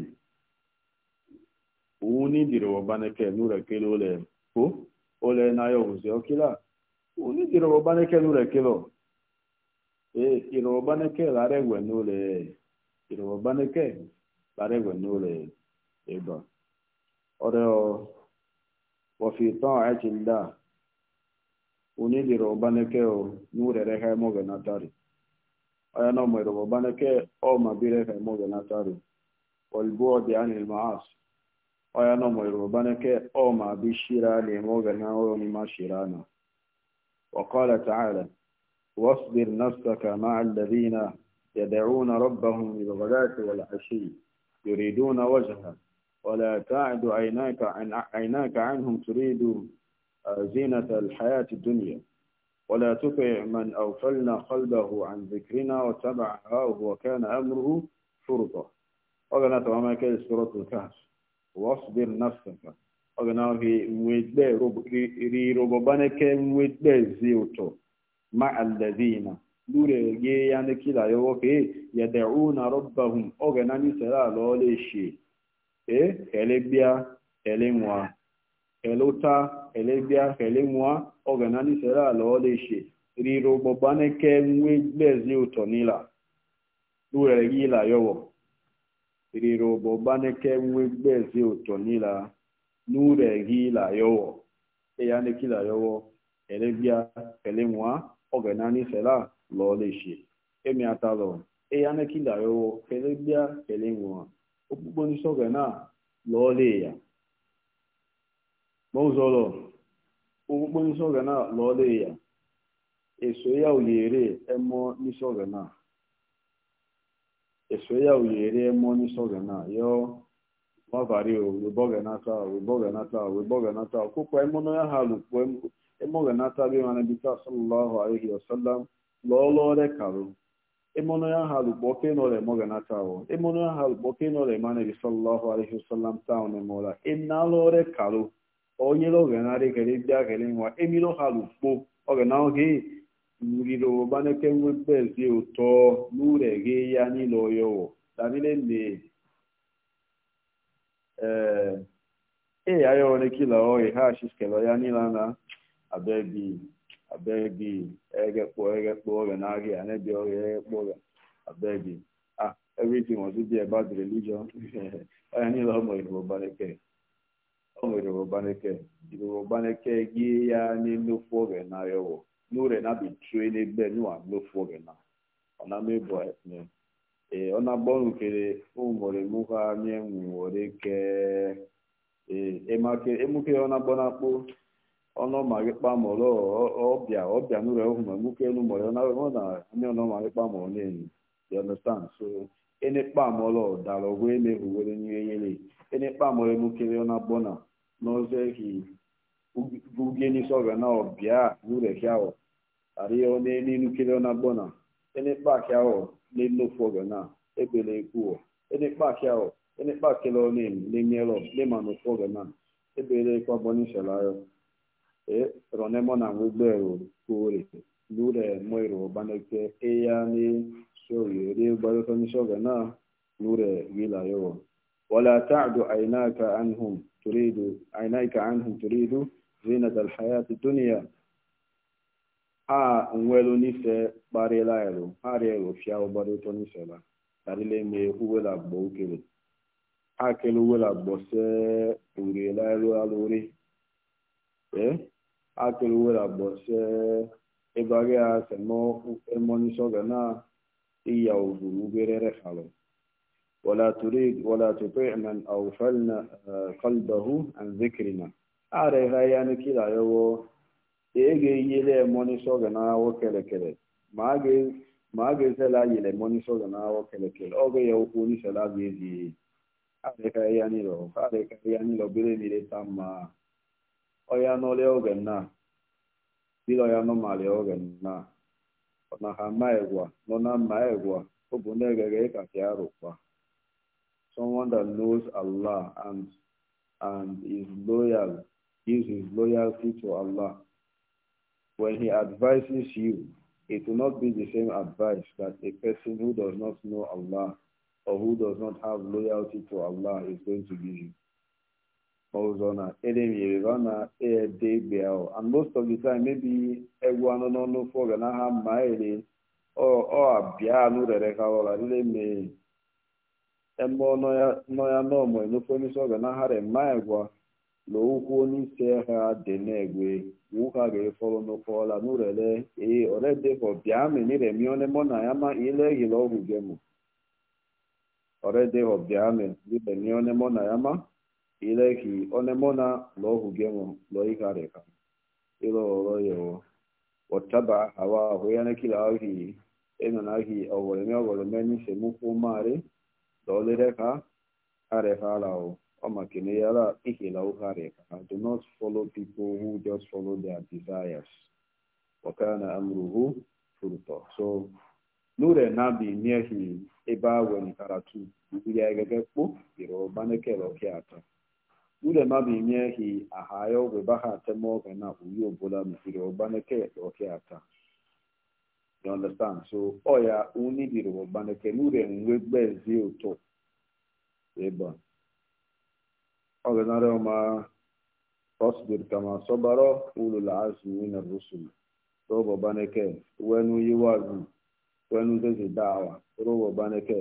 òun ní ìdìrọ̀wọ̀ bá ń kẹ́ ẹ̀nú rẹ̀ kí ló lẹ̀ kó ó lẹ́ náyọ̀ òṣè ọkílà òun ní ìdìrọ̀wọ̀ bá ń kẹ́ ẹ̀nú rẹ̀ kí lọ ìrọ̀wọ̀ bá ń ní ó lẹ̀ ìrọ̀wọ̀ bá ní ó lẹ̀ ọ̀rẹ́ ọ وفي طاعة الله ونيدي ربانك نور رها موغنا تاري أنا ما ربانك أو ما بيرها موغنا تاري والبعد عن المعاصي أنا ما ربانك أو ما بيشيرا لموغنا وما شيرانا وقال تعالى واصبر نفسك مع الذين يدعون ربهم بالغداة والعشي يريدون وجهه ولا تعد عيناك عن عيناك عنهم تريد آه، زينة الحياة الدنيا ولا تطع من أغفلنا قلبه عن ذكرنا وتبع هواه وكان أمره فرطا أغنى تماما كي سورة الكهف واصبر نفسك أغنى في مويتبه ري ربابانك مويتبه زيوتو مع الذين لوري يعني كلا يوكي يدعون ربهم أغنى نسلا لولي شيء e helebia helenwa elota helebia helenwa oganani sera aloleshe riro bobane ke nwe gbezi utonila lure gila yowo riro bobane ke nwe gbezi utonila lure gila yowo eyane kila yowo helebia helenwa oganani sera loleshe emi atalo yọwọ, kila yowo helebia helenwa okpukpe ndị soga na lọọlị ya kpọzọrọ okpukpe ndị soga na lọọlị ya eso ya uyere emo ndị soga eso ya uyere emo ndị soga na yo wavari o weboga nata weboga nata weboga nata okpukpe emo na ya ha lukpo emo ga nata bi mana bita sallallahu alaihi wasallam lọọlọre karụ emono ya halu boke no le moga na tawo emono ya halu boke no le bi sallallahu alaihi wasallam tawo ne mola enalo re kalu onye lo ga na re kele bia wa emilo halu po oge na oge nuriro bane ke nwe bezi uto nure ge ya ni lo yo danile ne eh e ayo ne kila oge ha shiskelo ya ni lana abebi abegi egekpo egekpo oge na ahịa na-ebi ege egekpo oge abegi ah everything was be about religion onye niile ọmụ igbo gbaneke ọmụ igbo gbaneke igbo gbaneke gị ya n'enukwu oge na yọwọ n'ure na bi betray n'ebe nwa n'ofu oge na ọ na mebụ ekpe ee ọ na-agbọnụ kere ụmụrịmụ ha nye nwere ke ee emukere ọ na-agbọnakpo ọnụ magịkpa mụrụ ọbịa ọbịa n'ụlọ ewu ma nwoke elu mụrụ na ọ na onye ọnụ magịkpa na n'enyi you understand so ene kpa mụrụ dara ọgwụ eme huwere n'ihe yere ene kpa mụrụ emukere na bọna n'ọzọ ehi uge n'isi ọrịa na ọbịa n'ụlọ ehi ahụ arị onye n'inukere na bọna ene kpa akị ahụ n'enlofu ọrịa na ebele ekwuo ene kpa akị ahụ ene kpa akịla ọ na-enyere ọ na-ema ọrịa na ebele ekwa bọ ahụ ronemo na ngugbero kuri lure moiro baneke eyani shoyi ri gbaro to ni shoga na lure gila yo wala ta'du aynaka anhum turidu aynaka anhum turidu dunya a nwelu n'ife kparịla ero harịa ero fia ụgbara ụtọ n'ifela karịla eme uwela ukele ha kele se ero akeliwela bɔsɛ ebage a sɛmɔ emɔnisɔgɛ na iya ovulu berere xalɔ wala turid wala tuti man awfalna qalbahu an zikrina are ha yani kila yɔwɔ ege yele emɔnisɔgɛ na awɔ kɛlɛkɛlɛ maage maage sɛla yele emɔnisɔgɛ na awɔ kɛlɛkɛlɛ ɔge yɛ oku ni sɛla bi ezi are ha yani lɔ are ha yani lɔ bere ni de ta maa. oya n'ole oge na dilo ya n'ọmali oge na na ha ma egwa nọ na ma egwa ọ bụ na-egere ka ka kwa. someone that knows Allah and and is loyal gives his loyalty to Allah when he advises you it will not be the same advice that a person who does not know Allah or who does not have loyalty to Allah is going to give you Ozona, Edemiri, Rana, ahụ And most of the time, maybe everyone on no for Ganaha ọ or Abia Nureka or Leme. Emo Noya Nomo, no furnace of Ganaha and Maigua, Loku Niseha de Negwe, Wuka Gefolo no Kola Nurele, E already for Biam and Ile na ya ma. ileki onemona lohu gemo loikareka ilo loyewo wataba hawa huyana kila ahi enonaki ogoleme ogoleme nisemuku mari lolireka arehalao omakene yala ihilau hareka do not follow people who just follow their desires wakana amruhu so lure nabi karatu ya egege kpo iro ule mmadụ inyehi ahaya ya ebe ha atemọgwụ na uyi ọbụla mesiri ọgbaneke oke ata you understand so ọya unidiri ọgbaneke n'ure nwegbe ezi ụtọ ebe ọganara ọma ọsbir kama sọbara ulul azmi min ar-rusul robo baneke wenu yiwazu wenu zezi dawa robo baneke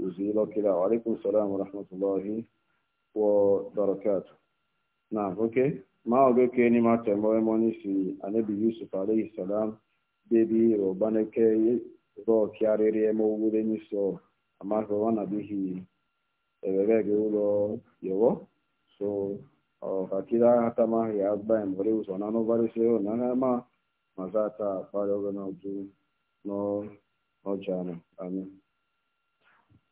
جزيلك وعليكم السلام ورحمة الله وبركاته نعم أوكي ما أقولك إني ما تموي موني في النبي يوسف عليه السلام بيبي ربانك ro kiarịrị eme owuwe n'iso amahụwa na bihi ewere ụlọ yewo so ọkakiri ahatamahụ ya gba mgbere ụzọ na anụbarịsị ụnyaahụ ma ata akparị anyị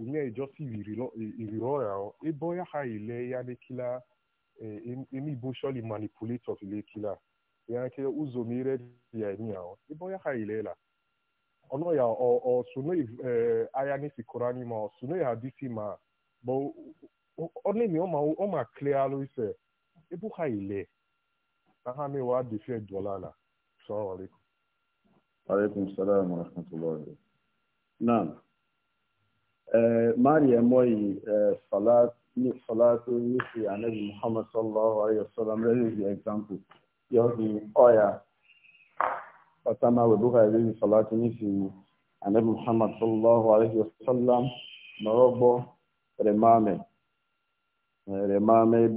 unge josi irirora eboya ha ile ya lekila emi bo surely manipulator ile ya nke ụzọ mi re ya ni awo eboya ha ile la ya o o suno eh aya ni si korani ma suno ya disi ma bo only mi o ma o ma ise ebu ha ile na ha mi wa defe dolala assalamu alaikum alaikum salam wa rahmatullahi naam Eh, mariam oyi eh, salatu nisi anabi muhammad sallallahu alaihi wasallam rere the example yogi oya oh, fatama buka salatu anabi muhammad sallallahu remame eh, remame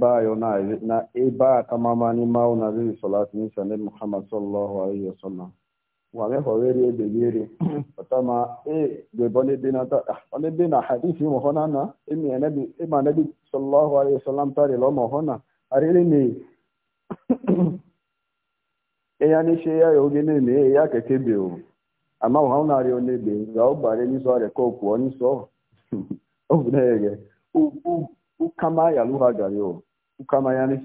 na eba akamama ni mauna rere salatu nisi anabi muhammad sallallahu wàrẹ́họ̀rẹ́ rí ebèrè ọ̀tọ́ ma ee gbẹ̀bọ́ níbi náà tọ́ ọ na ah, náà hadithi mọ̀ họ́nà náà èmi e ẹ̀nẹ́bi èmi e ẹ̀nẹ́bi sallallahu alaihi wasallam tàrí lọ́mọ̀ họ́nà àrírí mi ẹ̀yà ní ṣe oge ní mi ẹ̀yà e kẹ̀kẹ́ bẹ̀ o wọn rí ó ní sọ rẹ̀ kọ́ òkú ọ ní sọ ọ fún ukama o ukama yá ní ane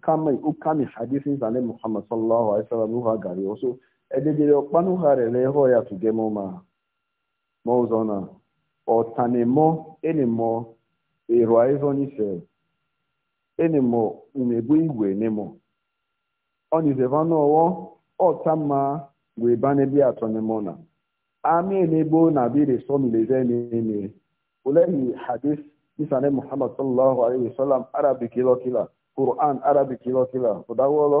Muhammad ukami hadithin sàlẹ̀ Muhammad sallallahu edebere ọkpanụ ha rere ịhụ ya tugemo ma ma ụzọ na ọtanemo enimo ịrụ ịzọ n'ife enimo umebu igwe nemo ọnizeva n'ọwọ ọta mma wee banebi atọnemo na ami enebo na biri sọmileze n'ime ulehi hadis nisane muhammad sallallahu alaihi wasallam arabi kilokila quran arabi kilokila ụdawolo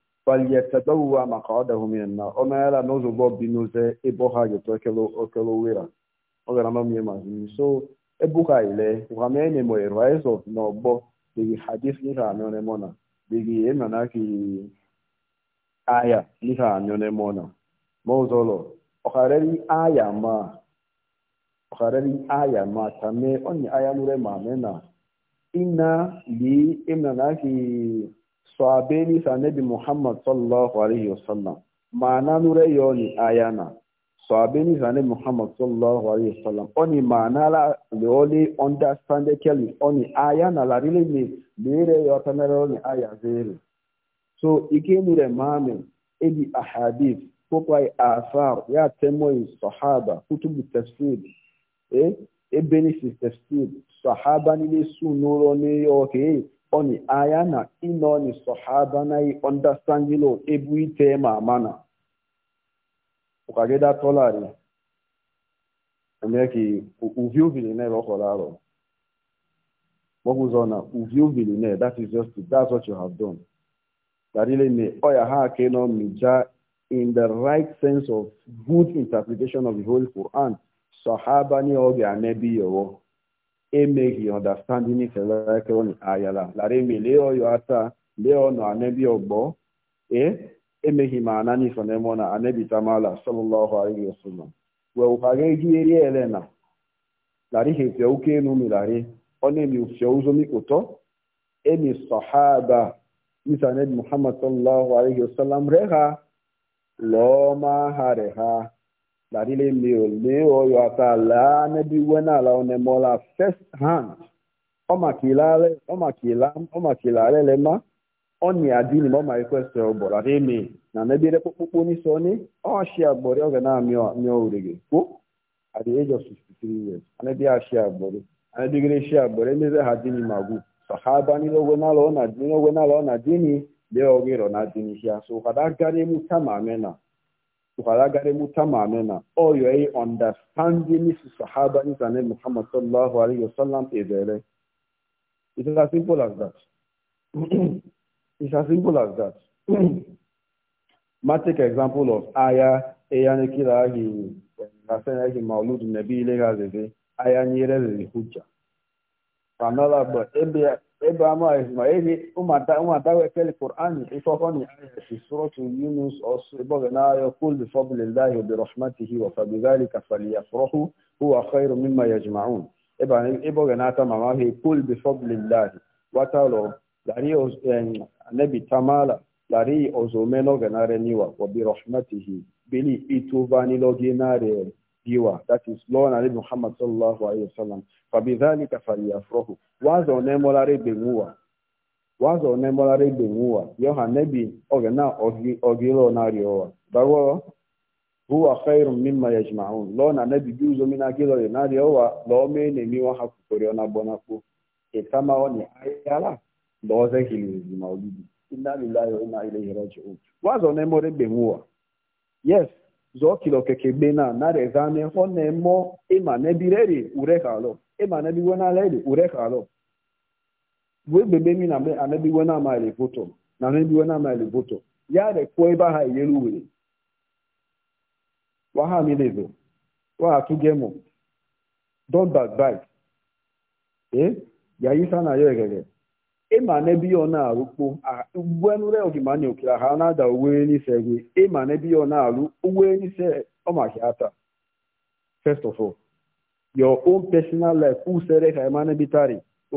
falyatabawa maqadahu minan nar ona yala nozo bo binuze ebo ha je to kelo okelo wira oga nama mi ma so ebuka ile wa mene mo rise of no bo de hadith ni ra ne mona de gi ena na ki aya ni ra ne mona mo zolo okareri aya ma okareri aya ma tame oni aya nure ma mena ina li ena na ki sahabe ni sanabi muhammad sallallahu alaihi wasallam maana nure yoni ayana sahabe ni sanabi muhammad sallallahu alaihi wasallam oni maana la leoli understand keli oni ayana la rile ni lere yotanere oni aya zero so ikeni re mame ebi ahadith popa athar ya temo sahaba kutubu tafsir eh ebeni tafsir sahaba ni sunuro ni okay oni aya na ino ni sahaba na i understand lo ebu ite ma mana ukage da tolari emeki uviu vile na roko laro mokuzona uviu vile na that is just it that's what you have done that really me oya ha ke no mija in the right sense of good interpretation of the whole Quran sahaba ni oge anebi yowo emeghị ọdastandin felekron ayala lara eme lee ọyọ ata lee ọnụ anebi ọgbọ e emeghị ma anani fonemo na anebitamala sọlụlọhụ arighị osụlọ wee ụkwaga ejieri elena lari hepịa oke enu milari ọ na-emi ufie uzomi ụtọ emi sọhaba isa anebi muhammad sọlụlọhụ arighị osụlam re ha lọọ ma ha re ha ladile leo leo oyo atala nebi wenala onemola first hand ọmakilale ọmakila ọmakilale lema ọni adini ma ọma request ọgbọ ladile na nebi ni agbori ga na amịọ urege at the age of 63 years agbori shi agbori ma gwu sahaba nile ọ na dini ọ na dini lee ogiro na dini hia so kada gari mu tama amena tukaragare mutama amena oyo ei understanding si sahaba ni sane muhammad sallallahu alaihi wasallam edere it is as simple as that it's as simple as that ma take example of aya eyane kila agi nasena agi maulud nabi ile gazeze aya nyere hujja fanala but ebe Abraham Ismaili umata umata wa kele Qur'an ifafani aya fi suratu Yunus asbagna yaqul bi fadlillahi wa bi rahmatihi wa fa bidhalika falyafrahu huwa khairu mimma yajma'un ibn ibogana ta mama he qul bi fadlillahi wa ta'ala dari nabi tamala dari ozomelo ganare niwa wa bi rahmatihi bili itubani loginare giver, that is na and Muhammad sallallahu alaihi wasallam alayhi wa sallam. فَبِذَلِكَ فَلْيَفْرَهُ Wazo onemolare benguwa. Wazo onemolare benguwa. Yoha nebi ogena ogilo nariowa. Dagoro? Huwa khairun mimma yajma'un. Lord na nebi juzo mina na ne mi gilo nariowa. Lome nemiwa hakutoriona bonaku. Etama ni ayala. kili hilizima ulidi. Inna lillahi wa inna ilayhi raji'un. Wazo onemore benguwa. Yes, zokilo keke bena na rezane ho nemo ima nebireri urekalo ima nebiwe na leri urekalo we bebe mi na me anebiwe na ma elevoto na anebiwe na ma elevoto ya rekwo ebe ha iyeru were wa ha mi lezo wa atuge mo don't backbite eh ya isa na yo egere ị ma ya ọ na-arụkpo ugbuenure ogimanya okira ha na-ada uwe n'ise gwe ịma n'ebe ọ na uwe n'ise ọmahiata first of all your own personal life usere ka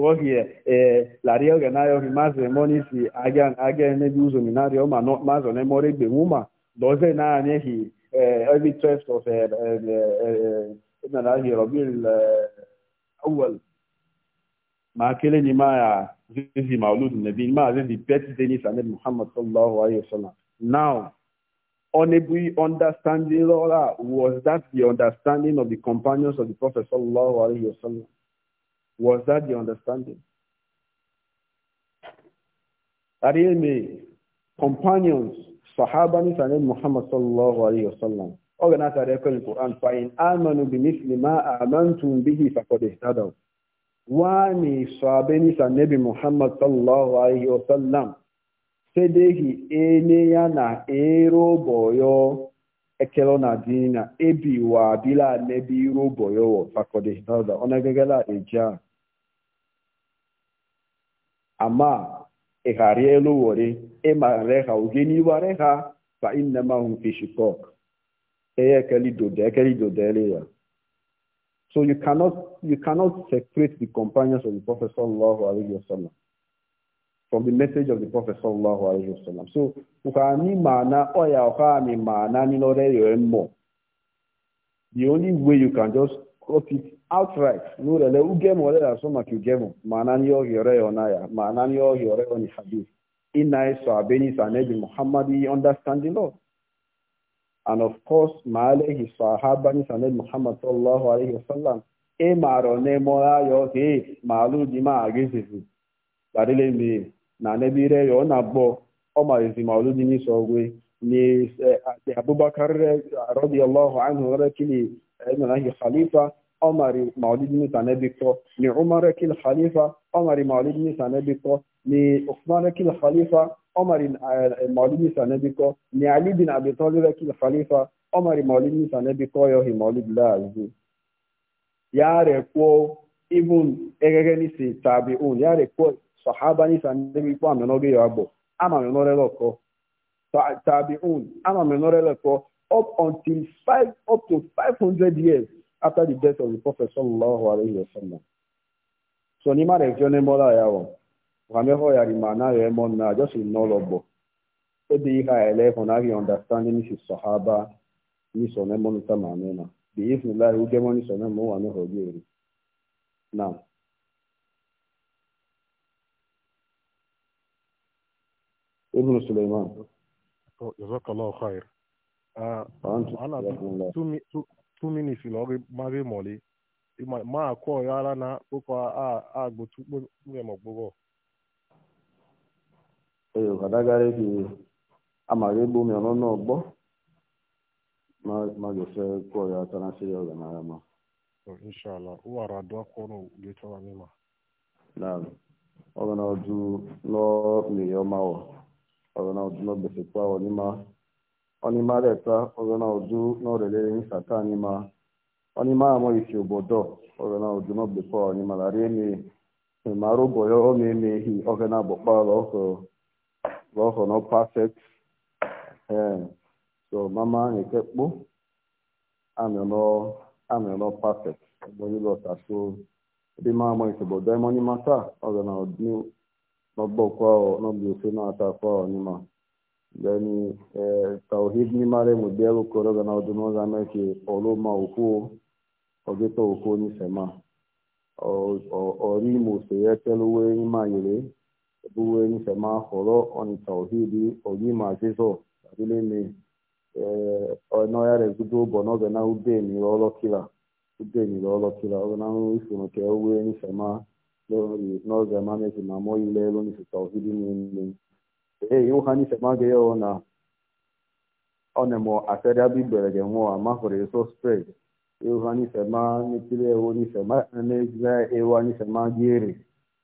ohie ee oge na ohi aga ụzọ minari ọma na every na makele ni ma ya zizi maulud nabi ma zizi birthday ni sanad muhammad sallallahu alaihi wasallam now honorably understanding law was that the understanding of the companions of the prophet sallallahu alaihi wasallam was that the understanding arieme companions sahaba ni sanad muhammad sallallahu alaihi wasallam organize a record in quran fa in amanu bi misli ma amantum bihi faqad ihtadaw wani sabeni sannabi Muhammad sallallahu alaihi wasallam sedehi ene ya na ero boyo ekelo na dina ebi wa bila nebi ero boyo fakode nada onagagala eja ama eghari elu wore emareha ugeni wareha fa innama hum fi shikok eyekeli dode ekeli dode ya So you cannot you cannot separate the companions of the Prophet sallallahu alaihi wasallam from the message of the Prophet sallallahu alaihi wasallam. So ukani mana oya ukani mana ni lore mo. The only way you can just cut it outright. No lele ugemo onaya mana ni oyore oni hadith. Ina iso Muhammadi understand the law. and of course maalehi sahaba ni sanad muhammad sallallahu alaihi wasallam e maro ne mora yo ke malu di ma agisizi badile mi na nebire yo na bo o ma yesi malu di ni so gwe ni e, e, abubakar radiyallahu anhu rakili e, ibn khalifa omari maulid ni sanabi ko ni umar rakil khalifa omari maulid ni sanabi ko ni uthman rakil khalifa Ọmarị eh, maulidi sanabi kọ ni Ali na Abi Talib kil khalifa Omar maulidi sanabi kọ yo himaulid lazi yare even egege tabi un yare kwuo sahaba ni sanabi ya ama mẹ tabi un ama up until five up to five years after the death of the prophet sallallahu ma ya wamehoyari maanayo emonna ajosi nolobo na eleko nagi a misi sahaba misone monuta manena biifnillahi ugemoni sone mo wamehogieri nam ابن سليمان جزاك الله خير ana two minutes lọrị mara na ụkọ agbụtukpu mmemme eyo kadagare di amara egbu mi ọrụ n'ọgbọ ma gị fe kwọ ya ata na siri ọga na ma inshala ụwara adọ kwụrụ gị chọwa mma na ọrụ na ọdụ n'ọmịrị ọma ọ ọrụ na ọdụ n'ọgbesịkwa ọnịma ọnịma leta ọrụ na ọdụ n'ọrelere nsata ọnịma ọnịma amọ isi obodo ọrụ na ọdụ n'ọgbekwa ọnịma larị eme ma arụbọ ya ọ na-emeghi eme ọga na-agbọkpa ala ọhụrụ roho no perfect e so mama anyị kekpo amịọrọ amịọrọ perfect egbe onye lọta so nke bụ dịma onye mata ọga na ọdị n'ọgbọkwa ofe na-ata then elu ọga na ọdị na ka ọrụ ma okwuo ọgịta okwu onye sema ọrụ ya usoro uwe ịma buweni ma horo on tauhidi ogi mazizo sabile mi ọ̀nà eh, ya rẹ̀ zúgbó na ude mi ọlọ kila ude mi ọlọ kila oge eh, na nri ifunu ka ewe ni sema lórí n'oge ma mezi ma ni ee ihe ni ma ga ya na ọ na bụ igbere gị nwụọ ama hụrụ eso spread ihe ni ewu ni na ewu anyị ma ere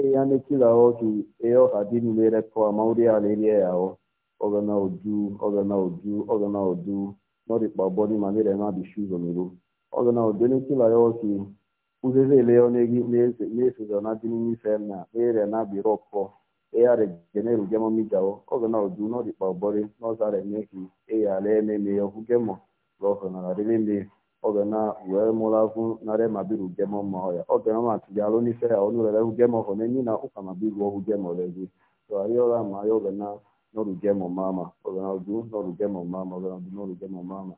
eyanekila otu eohadini lerepo amauria lerie yao ogana odu ogana odu ogana odu n'ọdịkpa ọbọdị ma mere na adịshi ụzọ n'iru ogana odu enekila ya otu uzeze eleo n'esozo na dị n'ife e na ere na biro E eyare genero gemo mijao ogana odu n'ọdịkpa ọbọdị n'ọzara emehi eyala ememe ya ọhụgemo lọhụ na rịleme oge na wee mụrụ narị mabiru gemo ma ọya oge na matụgị alụ n'ife ya ọnụ rere hụ gemo hụ n'enyi na ụka mabiru ọhụ gemo rezi ayọra ma ya oge na noru gemo mama oge na udu noru gemo mama oge na udu noru gemo mama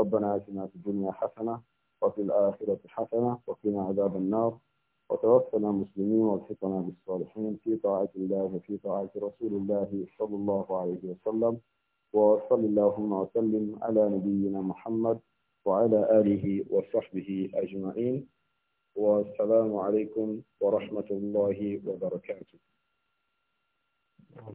ربنا آتنا في الدنيا حسنة وفي الآخرة حسنة وقنا عذاب النار وتوفنا مسلمين والحقنا بالصالحين في طاعة الله وفي طاعة رسول الله صلى الله عليه وسلم وصل اللهم وسلم على نبينا محمد وعلى آله وصحبه أجمعين والسلام عليكم ورحمة الله وبركاته